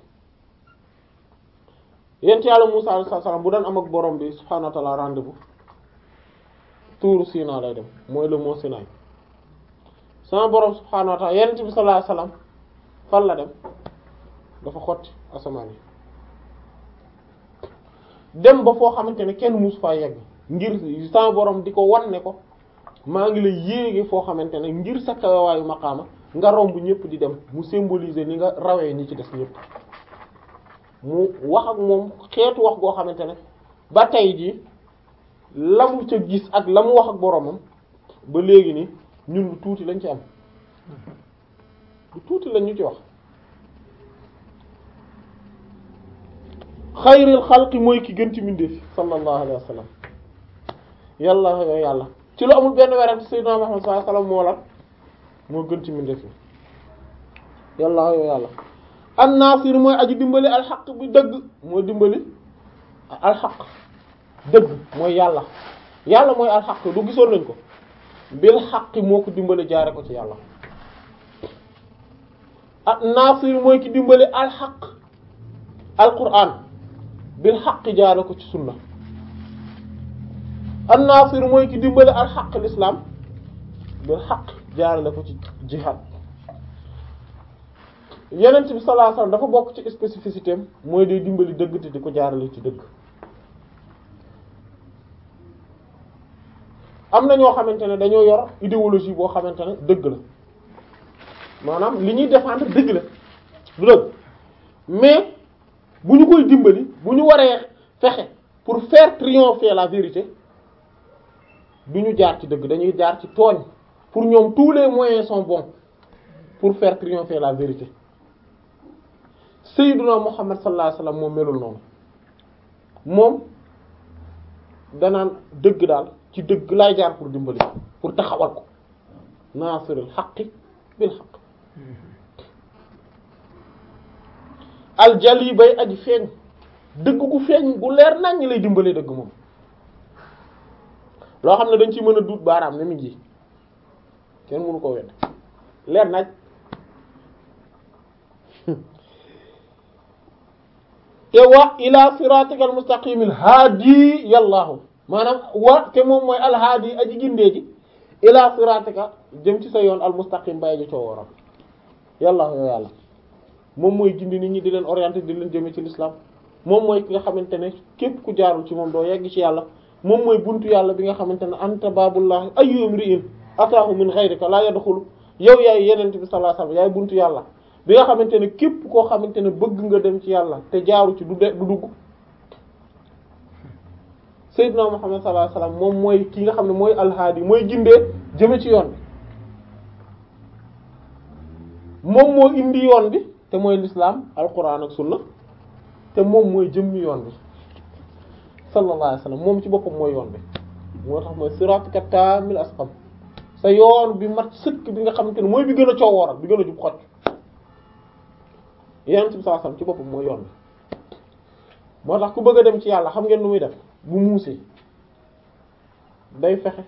yonent yàlla Musaa alayhi salaam bu daan am ak borom bi subhaanahu wa ta'aala rendez lay dem mooy le mont Sinaï sama borom subhaanahu wa ta'aala yonent bi sallallahu alayhi wasallam fan la dem dafa xotti asamaan yi dem ba foo xamante ne kenn mus faa yegg ngir sa boroom di ko wan ne ko maa ngi la yéege foo xamante ne ngir sa kawewaayu maqaama nga romb ñëpp di dem mu symboliser ni nga rawee ñi ci des ñëpp mu wax ak moom xeetu wax goo xamante ne ba tey ji la mu ca gis ak la mu wax ak boroomam ba léegi ni ñun lu tuuti lañ ci am lu tuuti lañ ñu ci wax xayril xalqi mooy ki gën ci mbindeef sallallahu alayhi wa sallam yàlla yàlla ci lu amul benn werante sayyidina Muhammad sallallahu alayhi wa moo la moo gën ci mbindeef yi yàlla yàlla an-nasir mooy aji dimbali alxaq bi dëgg mooy dimbali alxaq yàlla yàlla mooy alxaq du gisoon nañ ko bil xaqi moo ko dimbali jaare ko ci yàlla an-nasir mooy ki dimbali alxaq alquran bil xaq jaare ko ci sunna an naasir mooy ki dimbale al xaq l'islam bil xaq jaarale ko ci jihad yenent bi sallallahu dafa bokk ci spécificité am mooy day dimbali dëgg te di ko jaarale ci dëgg am na ñoo xamante ne dañoo yor idéologie boo xamante ne dëgg la maanaam li ñuy défendre dëgg la bu dëgg mais bu ñu koy dimbali bu ñu waree fexe pour faire triompher la vérité du ñu jaar ci dëgg dañuy jaar ci tooñ pour ñoom tous les moyens sont bons pour faire triompher la vérité Sayyiduna Muhammad sallallahu alayhi wasallam moom melul noonu moom danaan dëgg daal ci dëgg laay jaar pour dimbali pour taxawal ko naasiril xaqi bil xaq aljal yi bay aji feeñ dëgg gu feeñ gu leer nañ lay dimbalee dëgg moom loo xam ne dañ ci mën a duut baaraam ne mi ngi kenn mënu ko wedd leer nañ <laughs> te wa ila siratika al mustaqim al haadi maanaam wa te moom mooy al haadi aji gindee ji ila siratika jëm ci sa yoon al mustaqim bay aji cooworam yallaahu yàlla moom mooy gindi nit ñi di leen orienter di leen jëmee ci l'islam moom mooy ki nga xamante ne képp ku jaarul ci moom doo yegg ci yàlla moom mooy buntu yàlla bi nga xamante ne anta babullahi ayyu imri'in ataahu min ghayrika la yadkhulu yow yaay yenent bi sallallahu alayhi yaay bunt yàlla bi nga xamante ne képp koo xamante ne bëgg nga dem ci yàlla te jaaru ci du de du dugg sayyidna Muhammad sallallahu alayhi moom mooy ki nga xam ne mooy alhaadi mooy gindee jëme ci yoon bi moom moo indi bi te mooy lislaam alquran ak sunna te moom mooy jëmm yoon bi sallallahu alayhi wasallam moom ci boppam mooy yoon bi moo tax mooy siraatika kaamil asqam sa yoon bi mat sëkk bi nga xamante ne mooy bi a coowooral bi gën a jub ci boppam mooy yoon bi moo tax ku bëgg a dem ci yàlla xam ngeen nu muy def bu muusee day fexe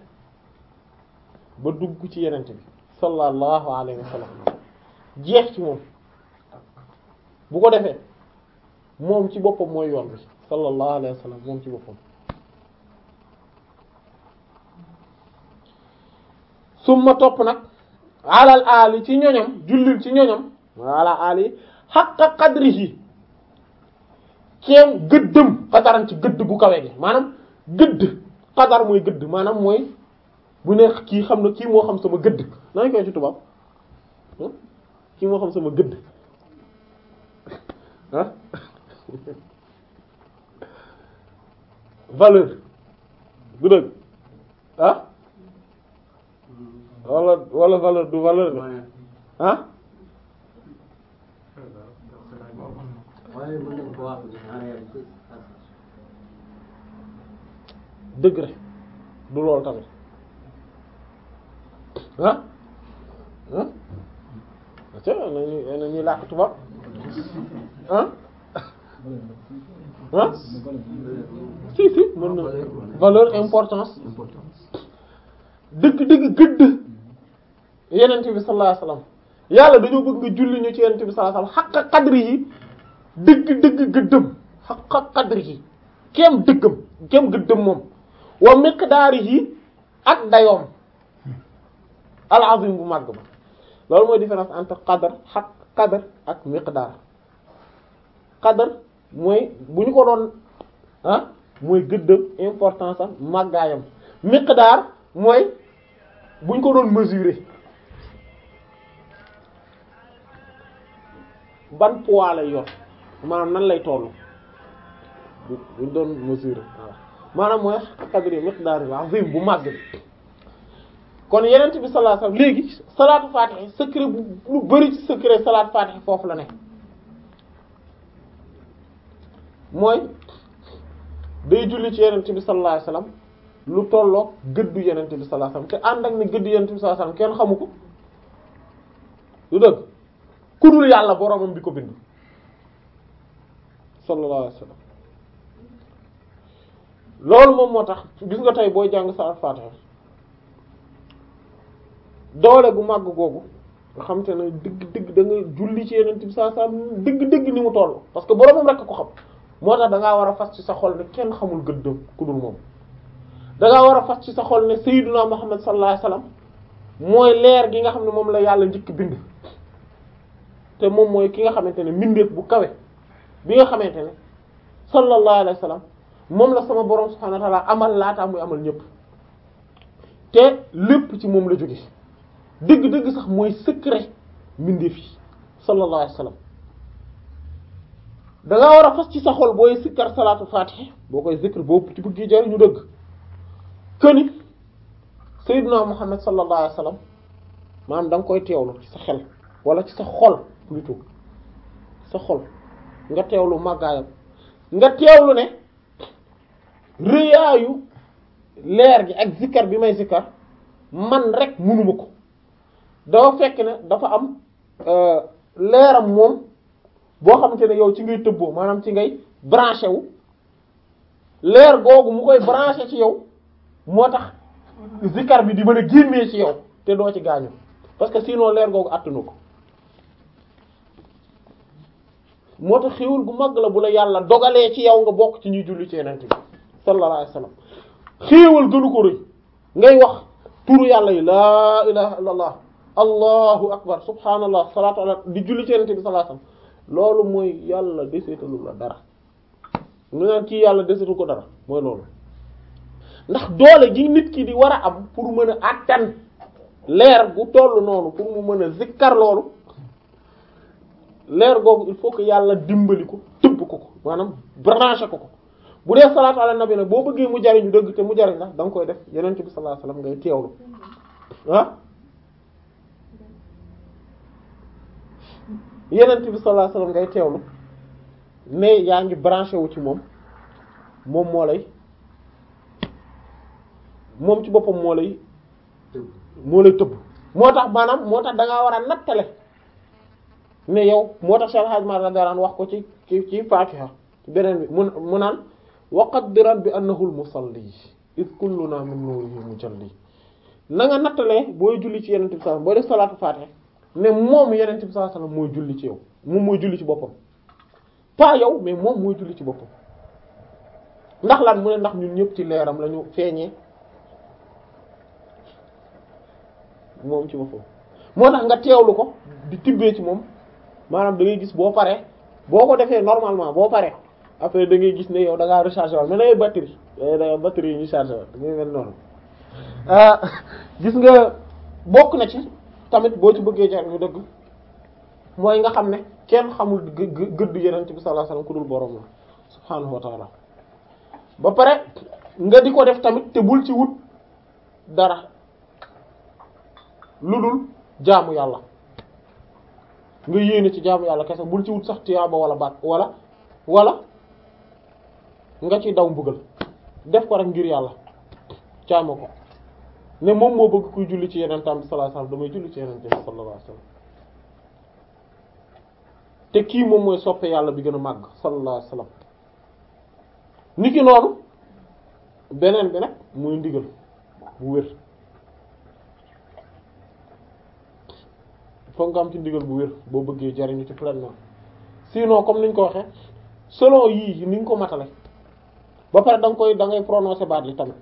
ba dugg ci yonent bi sallallahu alayhi wasallam jeex ci moom bu ko defee moom ci boppam mooy yoon bi sallallahu alayhi moom ci boppam summa topp nag alal aali ci ñoñam jullil ci ñoñam alal aali xaqa qadrihi keem gëddëm xadaran ci gëdd gu kawe gi maanaam gëdd xadar mooy gëdd maanaam mooy bu ne kii xam na kii moo xam sama gëdd nañ koy ci tubaab hmm? kii moo xam sama gëdd ah valeur du dëgg ah wala wala valeur du valeur ah degré du loolu tamit ah ah nañu nañuy làkk tubaab ah ah si si valeur importance dëgg-dëgg gëdd yenent bi sallallahu alayhi wasallam yàlla dañoo bëgg nga julli ñu ci yenent bi sallallahu alayhi wasallam xaqa qadri yi kem dëggam kem gëddëm moom wa miqdaari yi ak dayoom al azim bu màgg ba mooy différence entre qadar qadar ak miqdaar qadar mooy bu ñu ko doon ah mooy gëddam importance sax màggaayam miqdaar mooy bu ñu ko doon mesurer ban poids lay yor maanaam nan lay tollu bu ñu doon mesurer waaw maanaam mooy qadri miqdaar azim bu màgg kon yenent bi sallallahu alayhi wasallam léegi salaatu faatihi secret bu bari ci secret salaatu faatihi foofu la ne mooy day julli ci yenent bi sallallahu lu tolloog gëddu yenent bi sallallahu alayhi wasallam te ànd ak ne gëddu yenent bi sallallahu alayhi kenn xamu ko lu dëgg bi ko bind loolu moom moo tax gis nga tey booy jàng salaatu faatihi doole gu màgg googu nga xam te ne dëgg dëgg da nga julli ci yeneen bi saa saa dëgg dëgg ni mu toll parce que boromam rek ko xam moo tax da war a fas ci sa xol ne kenn xamul gëdd ku dul moom war a fas ci sa xol ne sayyiduna Muhammad sallallahu alayhi wasallam mooy leer gi nga xam ne moom la yàlla njëkk bind te moom mooy ki nga xamante ne mbindeef bu kawe bi nga xamante ne sallallahu alayhi wasallam moom la sama borom subhanahu wa amal laata muy amal ñëpp te lépp ci moom la jóge dëgg-dëgg sax mooy secret mbindeef yi sallallahu alayhi wa sallam da ngaa war ci sa xol booy sikkar salaatu faatiha boo koy zikr boobu ci bëggee jari ñu dëgg këni sayyidina muhammad sallallahu alayhi wa sallam maanaam da koy teewlu ci sa xel wala ci sa xol plutôt sa xol nga teewlu màggaayam nga teewlu ne rëyaayu leer gi ak zikkar bi may zikkar man rek munuma ko dafa fekk ne dafa am euh, leeram moom boo xamante ne yow ci ngay tëbboo maanaam ci ngay branché wu leer googu mu koy branché ci yow moo tax zikar bi di mën a génnee ci yow te doo ci gaañu parce que sinon leer googu attanu ko moo tax xéwal gu mag la bu la yàlla dogalee ci yow nga bokk ci ñuy julli ci yeneen bi sallallahu alayhi wasallam allahu akbar subhaanallah salaatu ala di julli ci yonent bi sallallahu alayhi loolu mooy yàlla deseetalu la dara ñu naan kii yàlla deseetu ko dara mooy loolu ndax doole gi nit ki di war a am pour mën a àttan leer gu toll noonu pour mu mën a zikkar loolu leer googu il faut que yàlla dimbali ko tëbb ko ko maanaam branché ko ko bu dee salaatu ala nabi nag boo bëggee mu jariñu dëgg te mu jariñ la danga koy def yonent bi sallallahu alayhi wasallam ngay teewlu ah? yeneen bi sallallahu alayhi wasallam ngay teewlu mais yaa ngi branché wu ci moom moom moo lay moom ci boppam moo lay moo lay tëbb moo tax maanaam moo tax da war a nattale ne yow moo tax Cheikh Hadj Mara Daraan wax ko ci ci ci Fatiha beneen bi mu mu naan waqaddiran bi annahu al-musalli iz kulluna min nurihi mujalli na nga nattalee booy julli ci yenent bi sallallahu alayhi wasallam boo def salaatu ne moom yenent bi sallallahu alayhi wasallam mooy julli ci yow moom mooy julli ci boppam pas yow mais moom mooy julli ci boppam ndax lan mu ne ndax ñun ñépp ci leeram la ñu feeñee moom ci boppam moo tax nga teew teewlu ko di tibbee ci moom maanaam da ngay gis boo paree boo ko defee normalement boo paree après dangay gis ne yow da ngaa recharger wal mais da ngay yi ñu charger wal da ngay mel noonu ah, <laughs> gis nga bokk na ci tamit boo ci bëggee jar ñu dëgg mooy nga xam ne kenn xamul gëdd yeneen ci bi sallallahu alayhi wasallam ku dul borom la subhaanahu ba pare nga di ko def tamit te bul ci wut dara lu dul jaamu yàlla nga yéene ci jaamu yàlla kese bul ci wut sax tiyaaba wala baat walla wala nga ci daw mbugal def ko rek ngir yàlla jaamu ko ne moom moo bëgg kuy julli ci yenentam bi sallallahu alayhi wasallam damay julli ci yenente bi sallallahu alayhi wasallam te kii moom mooy soppe yàlla bi gën a màgg sallallahu alayhi wasallam niki noonu beneen bi nag muy ndigal bu wér foog nga am ci ndigal bu wér boo bëggee jariñu ci pleinement sinon comme niñ ko waxee selon yii ni ñu ko matale ba pare da nga koy da ngay prononcer baat yi tamit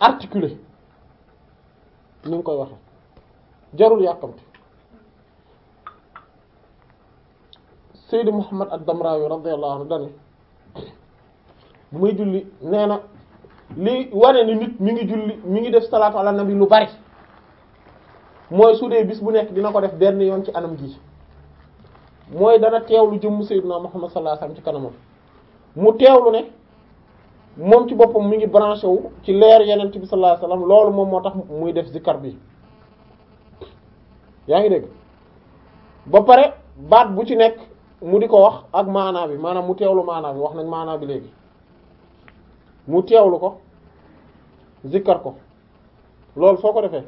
articuler ni mu koy waxe jarul yàkkamte Seydi Muhammad ad-Damrawi radiyallahu anhu bu may julli nee na li wane ni nit mi ngi julli mi ngi def salaatu ala lu bari mooy su dee bis bu nekk dina ko def benn yoon ci anam gi mooy dana teewlu jëmm Seydina Muhammad sallallahu ci kanamam mu teewlu ne moom ci boppam mu ngi branché wu ci leer yenent bi sallallahu alayhi wasallam loolu moom moo tax muy def zikar bi yaa ngi dégg ba pare baat bu ci nekk mu di ko wax ak maanaa bi maanaam mu teewlu maanaa wax nañ maanaa bi léegi mu teewlu ko zikkar ko loolu soo ko defee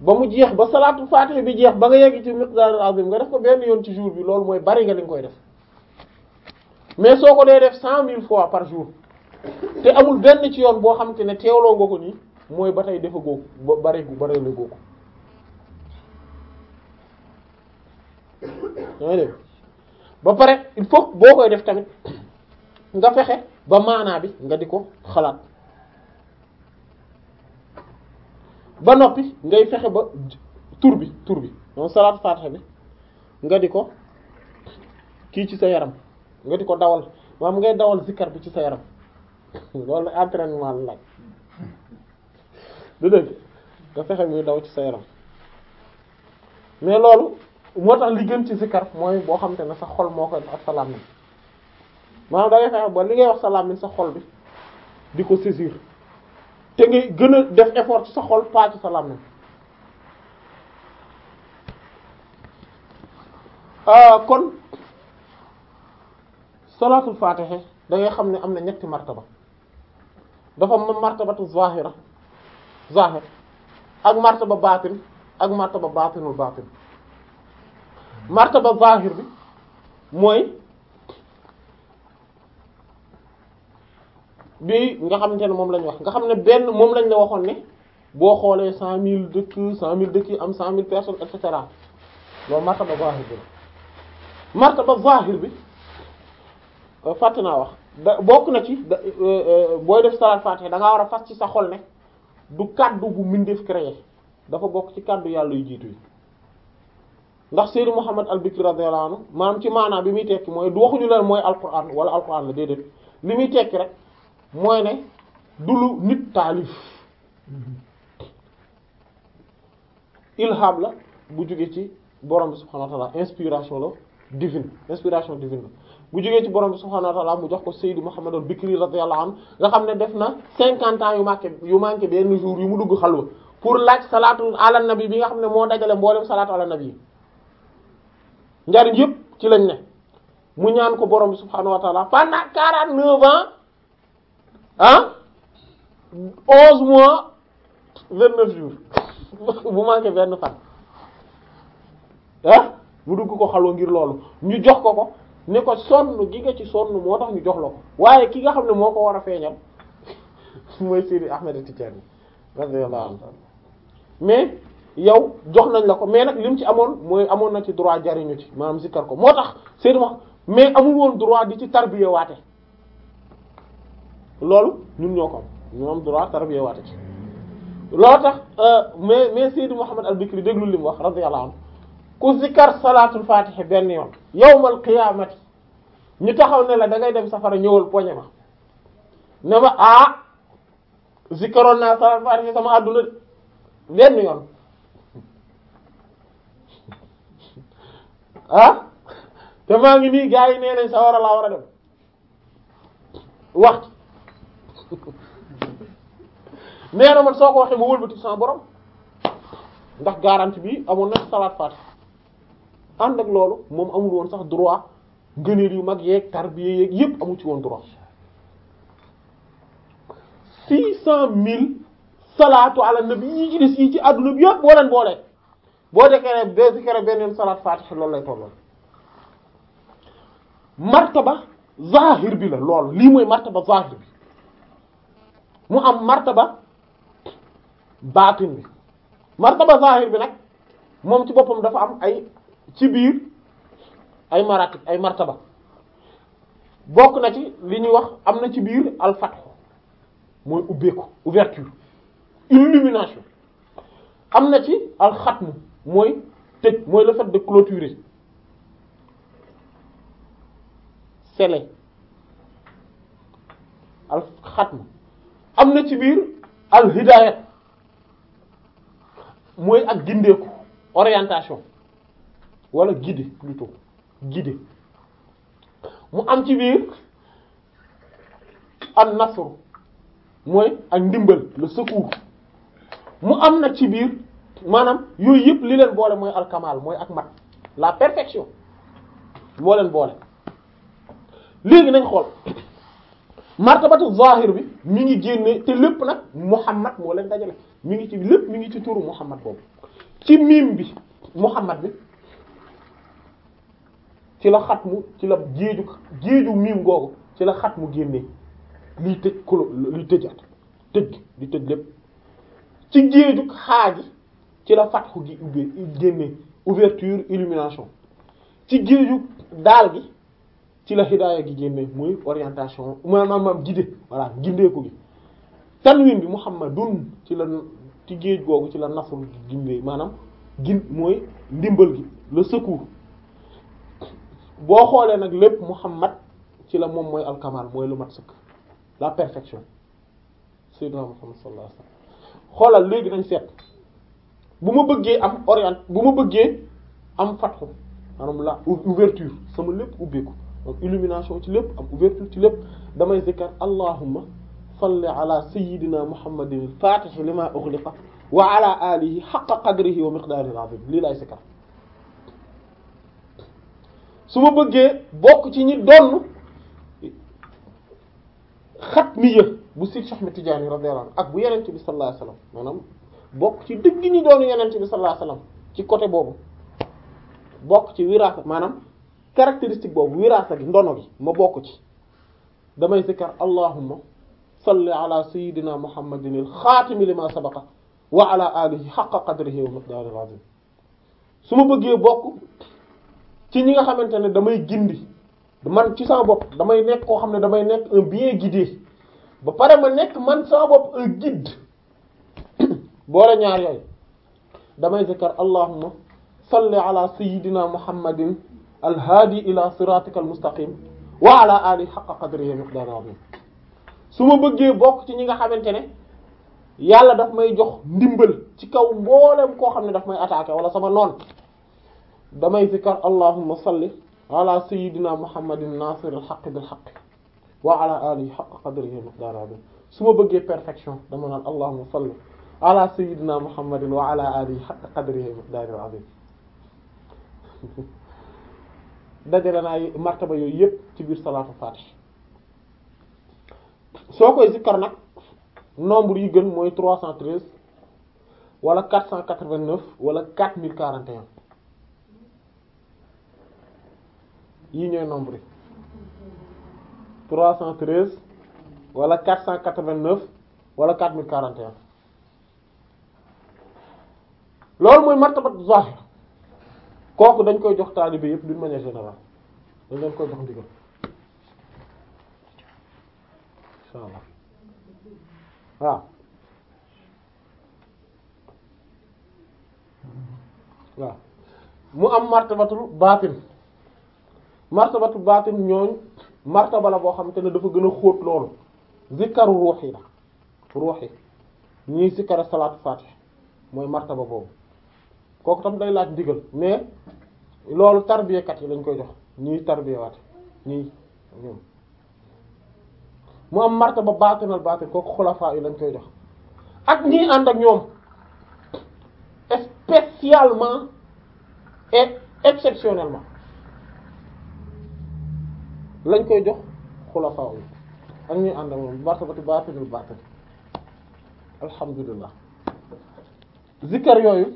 ba mu jeex ba salaatu faatiha bi jeex ba nga yegg ci miqdaarul azim nga def ko benn yoon ci jour bi loolu mooy bari nga li nga koy def mais soo ko dee def cent mille fois par jour te amul benn ci yoon boo xam te ne teewloo nga ko nii mooy ba tey defagoo góob ba bare gu bare la góob ba pare il faut boo koy def tamit nga fexe ba maanaa bi nga di ko xalaat ba noppi ngay fexe ba tur bi tur bi moom salaat faatiha bi nga di ko kii ci sa yaram nga di ko dawal maanaam ngay dawal zikkar bi ci sa yaram loolu entraînement la laaj du nga fexe muy daw ci sa yaram mais loolu moo tax li gën ci zikkar mooy boo xam te ne sa xol moo ko ak sa làmmiñ maanaam da fexe ba li ngay wax sa làmmiñ sa xol bi di ko saisir te ngay gën a def effort sa xol pas sa làmmiñ ah, kon salaatul fatiha da ngay xam ne am na ñetti martaba dafa am martabatu zahira zahir ak martaba baatin ak martaba baatinul baatin martaba zahir bi mooy bi nga xamante ne moom lañ wax nga xam ne benn moom lañ la waxoon ne boo xoolee cent mille dëkk cent mille dëkk am cent mille personnes et cetera loolu martaba zahir bi la martaba zahir bi Euh, fàtte naa wax da bokk na ci da euh, euh, booy def salaat fatiha da ngaa war a fas ci sa xol ne du kaddu bu mindeef créé dafa bokk ci kàddu yàlla yu jiitu yi ndax Seydou Mouhamed al-Bikri radiyallahu anhu maanaam ci maanaa bi muy tekki mooy du waxuñu leen mooy alquran wala alquran la déedéet li muy tekki rek mooy ne du lu nit taalif ilham la bu jógee ci borom bi subhanahu wa ta'ala inspiration la divine inspiration divine bu jógee ci borom bi subhaanahu wa ta'ala mu jox ko Seydou Muhammad al-Bikri radiyallahu anhu nga xam ne def na 50 ans yu manqué yu manqué benn jour yu mu dugg xalwa pour laaj salaatu ala nabi bi nga xam ne moo dajale mboolem salaatu ala nabi njariñ yëpp ci lañ ne mu ñaan ko borom bi subhaanahu wa ta'ala pendant 49 ans ah 11 mois <laughs> ah mu dugg ko xalwa ngir loolu ñu jox ko ko. ne ko sonn gi nga ci sonn moo tax ñu jox la ko waaye ki nga xam ne moo ko war a feeñal <laughs> mooy Seydi Ahmed Tidiane radiyallahu anhu mais yow jox nañ la ko mais nag lim ci amoon mooy amoon na ci droit jariñu ci maanaam zikkar ko moo tax Seydi mais amul woon droit di ci tarbiya waate loolu ñun ñoo ko am ñoo am droit tarbiya waate ci loolu tax euh, mais mais Seydi Mouhamed al-Bikri déglu li mu wax radiyallahu anhu ku zikar salaatul faatihi benn yoon yawmal qiyaamati ñu taxaw ne la da ngay dem safara ñëwal poñe ma ne ma ah zikaroon naa salaatul faatihi sama àdduna benn yoon <laughs> ah te maa ngi nii gaa yi nee nañ sawara laa war a dem wax <laughs> nee na man soo ko waxee ma wëlbati sama borom ndax garanti bi amoon na salaat faatihi ànd ak loolu moom amul woon sax droit ngëneel yu mag yeeg tarbiya yeeg yépp amu ci woon droit six cent mille salaatu ala nabi yi ci des yi ci adduna bi yépp boo leen boolee boo dekere bee zikere benn yoon salaat fatiha loolu lay tolloon martaba zahir bi la lool lii mooy martaba zahir bi mu am martaba baatin bi martaba zahir bi nag moom ci boppam dafa am ay ci biir ay maratib ay martaba bokk na ci li ñuy wax am na ci biir alfatx mooy ubbeeku ouverture illumination am na ci alxatm mooy tëj mooy le fait de clôturer scellé alxatm am na ci biir alhidayat mooy ak gindeeku orientation wala guider plutôt guider mu am ci biir an nasr mooy ak ndimbal le secours mu am nag ci biir maanaam yooyu yëpp li leen boole mooy alkamal mooy ak mat la perfection boo leen boole léegi nañ xool martabatu zahir bi mi ngi génne te lépp nag muhammad moo leen dajale mu ngi ci lépp mu ngi ci turu muhammad boobu ci miim bi muhammad bi ci la xat mu ci la géeju géeju miim googu ci la xat mu génnee liy tëj kolo liy tëjaat tëj di tëj lépp ci géeju xaaji ci la fatxu gi ubbee ouverture illumination ci géeju daal gi ci la hidaaya gi génnee mooy orientation maanaam maam gide voilà gindeeku gi tanwin bi muhammadun ci la ci géej googu ci la naful gindee maanaam gin mooy ndimbal gi le secours boo xoolee nag lépp Muhammad ci la moom mooy alkamal mooy lu mat sëkk la perfection sayyidina Muhammad sallallahu alayhi wasallam xoolal léegi nañ seet bu ma bëggee am orient bu ma bëggee am fatxu maanaam la ouverture sama lépp ubbeeku am illumination ci lépp am ouverture ci lépp damay zikkar allahumma salli ala sayyidina muhammadin al-fatihi lima ughliqa wa ala alihi haqqa qadrihi wa miqdaril azim lii laay zikkar su ma bëggee bokk ci ñi donn xatmiya bu Seydi Cheikh Ahmed Tidiane radiyallahu ak bu yenente bi sallallahu alayhi wasallam maanaam bokk ci dëgg ñi doon yenente bi sallallahu alayhi ci côté boobu bokk ci wiraasa maanaam caractéristique boobu wiraasa gi ndono gi ma bokk ci damay sikkar allahumma salli ala sayidina muhammadin il xaatimi lima sabaqa wa ala alihi haqqa wa miqdaarihi al su ma bëggee bokk ci ñi nga xamante ne damay gindi man ci sama bopp damay nekk koo xam ne damay nekk un bien guidé ba pare ma nekk man sama bopp un guide <coughs> boole ñaar yooyu damay zikkar allahumma salli ala sayyidina muhammadin alhaadi ila siratika almustaqim wa ala ali haqqa qadrihi su ma bëggee bokk ci ñi nga xamante ne yàlla dafa may jox ndimbal ci kaw mboolem koo xam ne dafa may attaqué wala sama noon damay zikar allahumma salli ala sayyidina muhammadin nasiril haqqi bil haqqi wa ala alihi haqqa qadrihi miqdaarihi azim su ma bëggee perfection dama naan allahumma salli ala sayyidina muhammadin wa ala alihi haqqa qadrihi miqdaarihi azim <laughs> dajale naa martaba yooyu yëpp ci biir salaatu fatih soo koy zikkar nag nombre yi gën mooy trois cent treize wala quatre cent quatre-vingt-neuf wala quatre mille quarante et un yii ñooy nombre yi 313 wala 489 wala 4041 loolu mooy martabat zahir kooku dañ koy jox taalibe yépp d'une manière générale dañ leen koy jox ndigal inshallah waaw waaw mu am martabatul baatin martabatu baatin ñooñ ba la boo xamante ne dafa gën a xóot loolu zikkaru ruux yi la ruux yi ñii zikkara salaatu fatih mooy martaba boobu kooku tam day laaj ndigal mais loolu tarbiyekat yi lañ koy jox ñii tarbiyewaat ñii ñoom mu am martaba baatinal baatin kooku xulafaa yi lañ koy jox ak ñii ànd ak ñoom spécialement et exceptionnellement lañ koy jox xulafaa yi ak ñuy ànd ak moom martabatu baatinul baatin alhamdulilah zikkar yooyu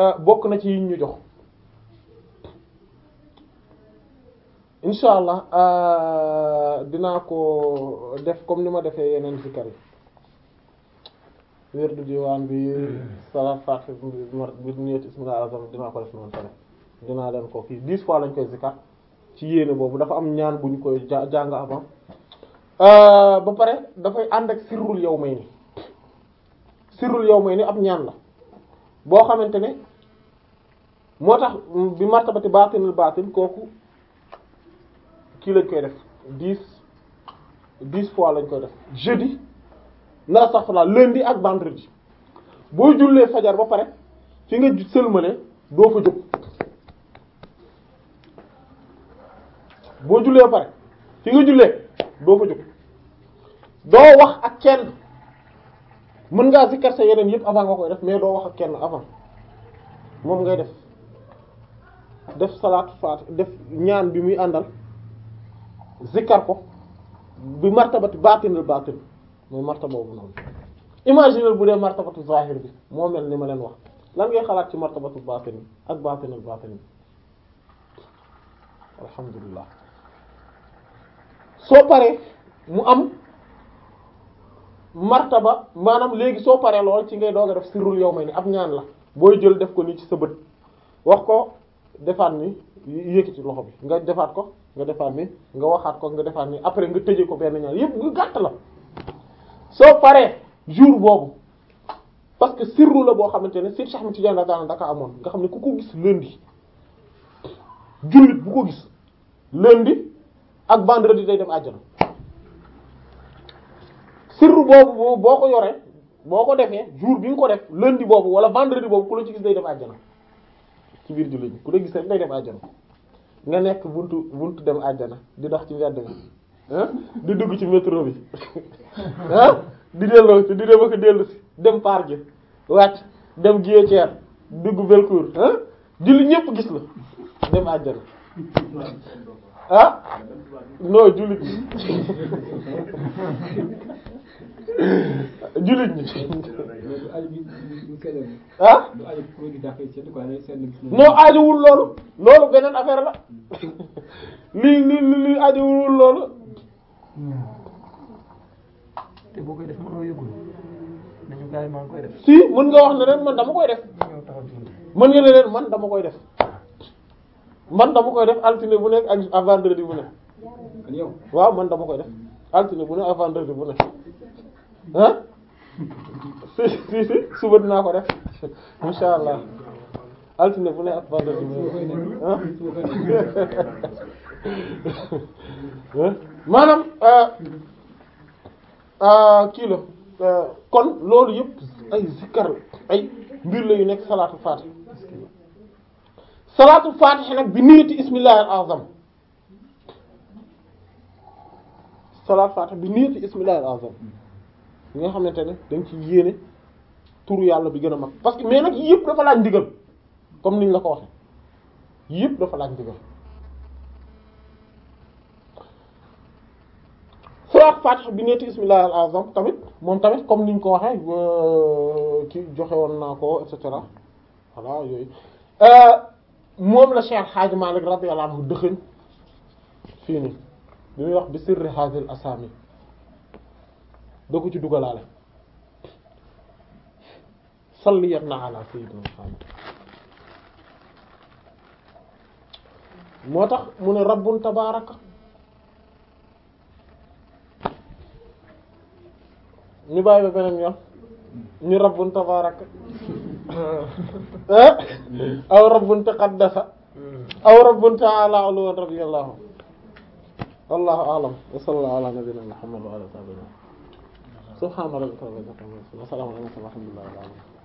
euh, bokk na ci yiñ ñu jox incha allah euh, dinaa ko def comme ni ma defee yeneen zikkar yi wér du diwaan bi salaat fatiha bi niyat ismil azam dinaa ko def noonu tamit dinaa leen ko kii dix fois lañ koy zikkar ci yéene boobu dafa am ñaan bu ñu koy ja jàng avant euh, ba pare dafay ànd ak sirrul yow may yawmayni ab ñaan la boo xamante ne moo tax bi martabati baatinul baatin kooku kii lañ koy def dix dix fois lañ koy def jeudi nara sax la lundi ak vendredi boo jullee fajar ba pare fi nga sëlmale doo fa jóg. boo jullee pare fi nga jullee doo fa jóg doo wax ak kenn mën ngaa zikkar sa yeneen yëpp avant nga koy def mais doo wax ak kenn avant moom ngay def def salaatu faat def ñaan bi muy àndal zikkar ko bi martabati baatinal baatin mooy martaba boobu noonu imaginer bu dee martabatu zahir bi moo mel ni ma leen wax lan ngay xalaat ci martabatu baatin ak baatinal baatin bi alhamdulillah soo paree mu am ba maanaam léegi soo paree lool ci ngay doog a def sirrul yow may ni ab ñaan la booy jël def ko nii ci sa bët wax ko defaat ni yéeg yëkkati loxo bi nga defaat ko nga defaat ni nga waxaat ko nga defaat ni après nga tëjee ko benn ñaan yépp nga gàtt la soo paree jour boobu parce que sirru la boo xamante ne Cheikh Ahmed Tidiane daan daka amoon nga xam ne ku ko gis lundi jullit bu ko gis lundi ak vendredi day dem àjjana sirru boobu boo ko yore boo ko defee jour bi nga ko def lundi boobu wala vendredi boobu ku la ci gis day dem àjjana ci biir jullit bi ku la gis rek day nga nekk buntu buntu dem àjjana di dox ci mbedd mi ci métro bi ah <laughs> di delloo si di dem dem par gis la dem àjjana ah non jullit ñi jullit ñi ah non aajowul loolu loolu beneen affaire la lii lii lii aajowul loolu te boo koy def mënoo yëgul nañu gars yi maa ngi koy def si mën nga wax ne ren man dama koy def mën nga ne ren man dama koy def man dama koy def altine bu nekk ak à vendredi bu waaw man dama koy def altine bu nekk à vendredi bu nekk ah si si si suba dinaa ko def insha allah altine bu nekk ak vendredi bu nekk maanaam euh, euh, kii la euh, kon loolu yëpp ay zikkar ay mbir yu nekk salaatu faati salaatul faatiha nag bi niyyati ismillahi al azam salaatul faatiha bi niyyati ismillahi al nga xamante ne dañ ci yéene turu yàlla bi gën a mag parce que mais nag yii yëpp dafa laaj ndigal comme niñ la ko waxe yii yëpp dafa laaj ndigal salaat faatiha bi niyyati ismillahi al tamit moom tamit comme niñ ko waxe ci euh, joxewoon naa ko et cetera voilà yooyu euh, moom la Cheikh Hadj Malick radiyallahu anhu dëxëñ fii nii bi muy wax bi sirri hadhil asami doo ko ci dugalaale salliyatna ala sayyidina Muhammad moo tax mu ne rabbun tabaraka ñu bàyyi ba beneen yoon ñu rabbun tabaraka <laughs> Eh? aw rabbun taqaddasa aw rabbun ta'ala uluwan radiyallahu wallahu a'lam wa sallallahu ala nabiyyina muhammad wa ala alihi wa sahbihi subhana rabbika rabbil izzati amma yasifun wa salamun ala al mursalin walhamdulillahi rabbil alamin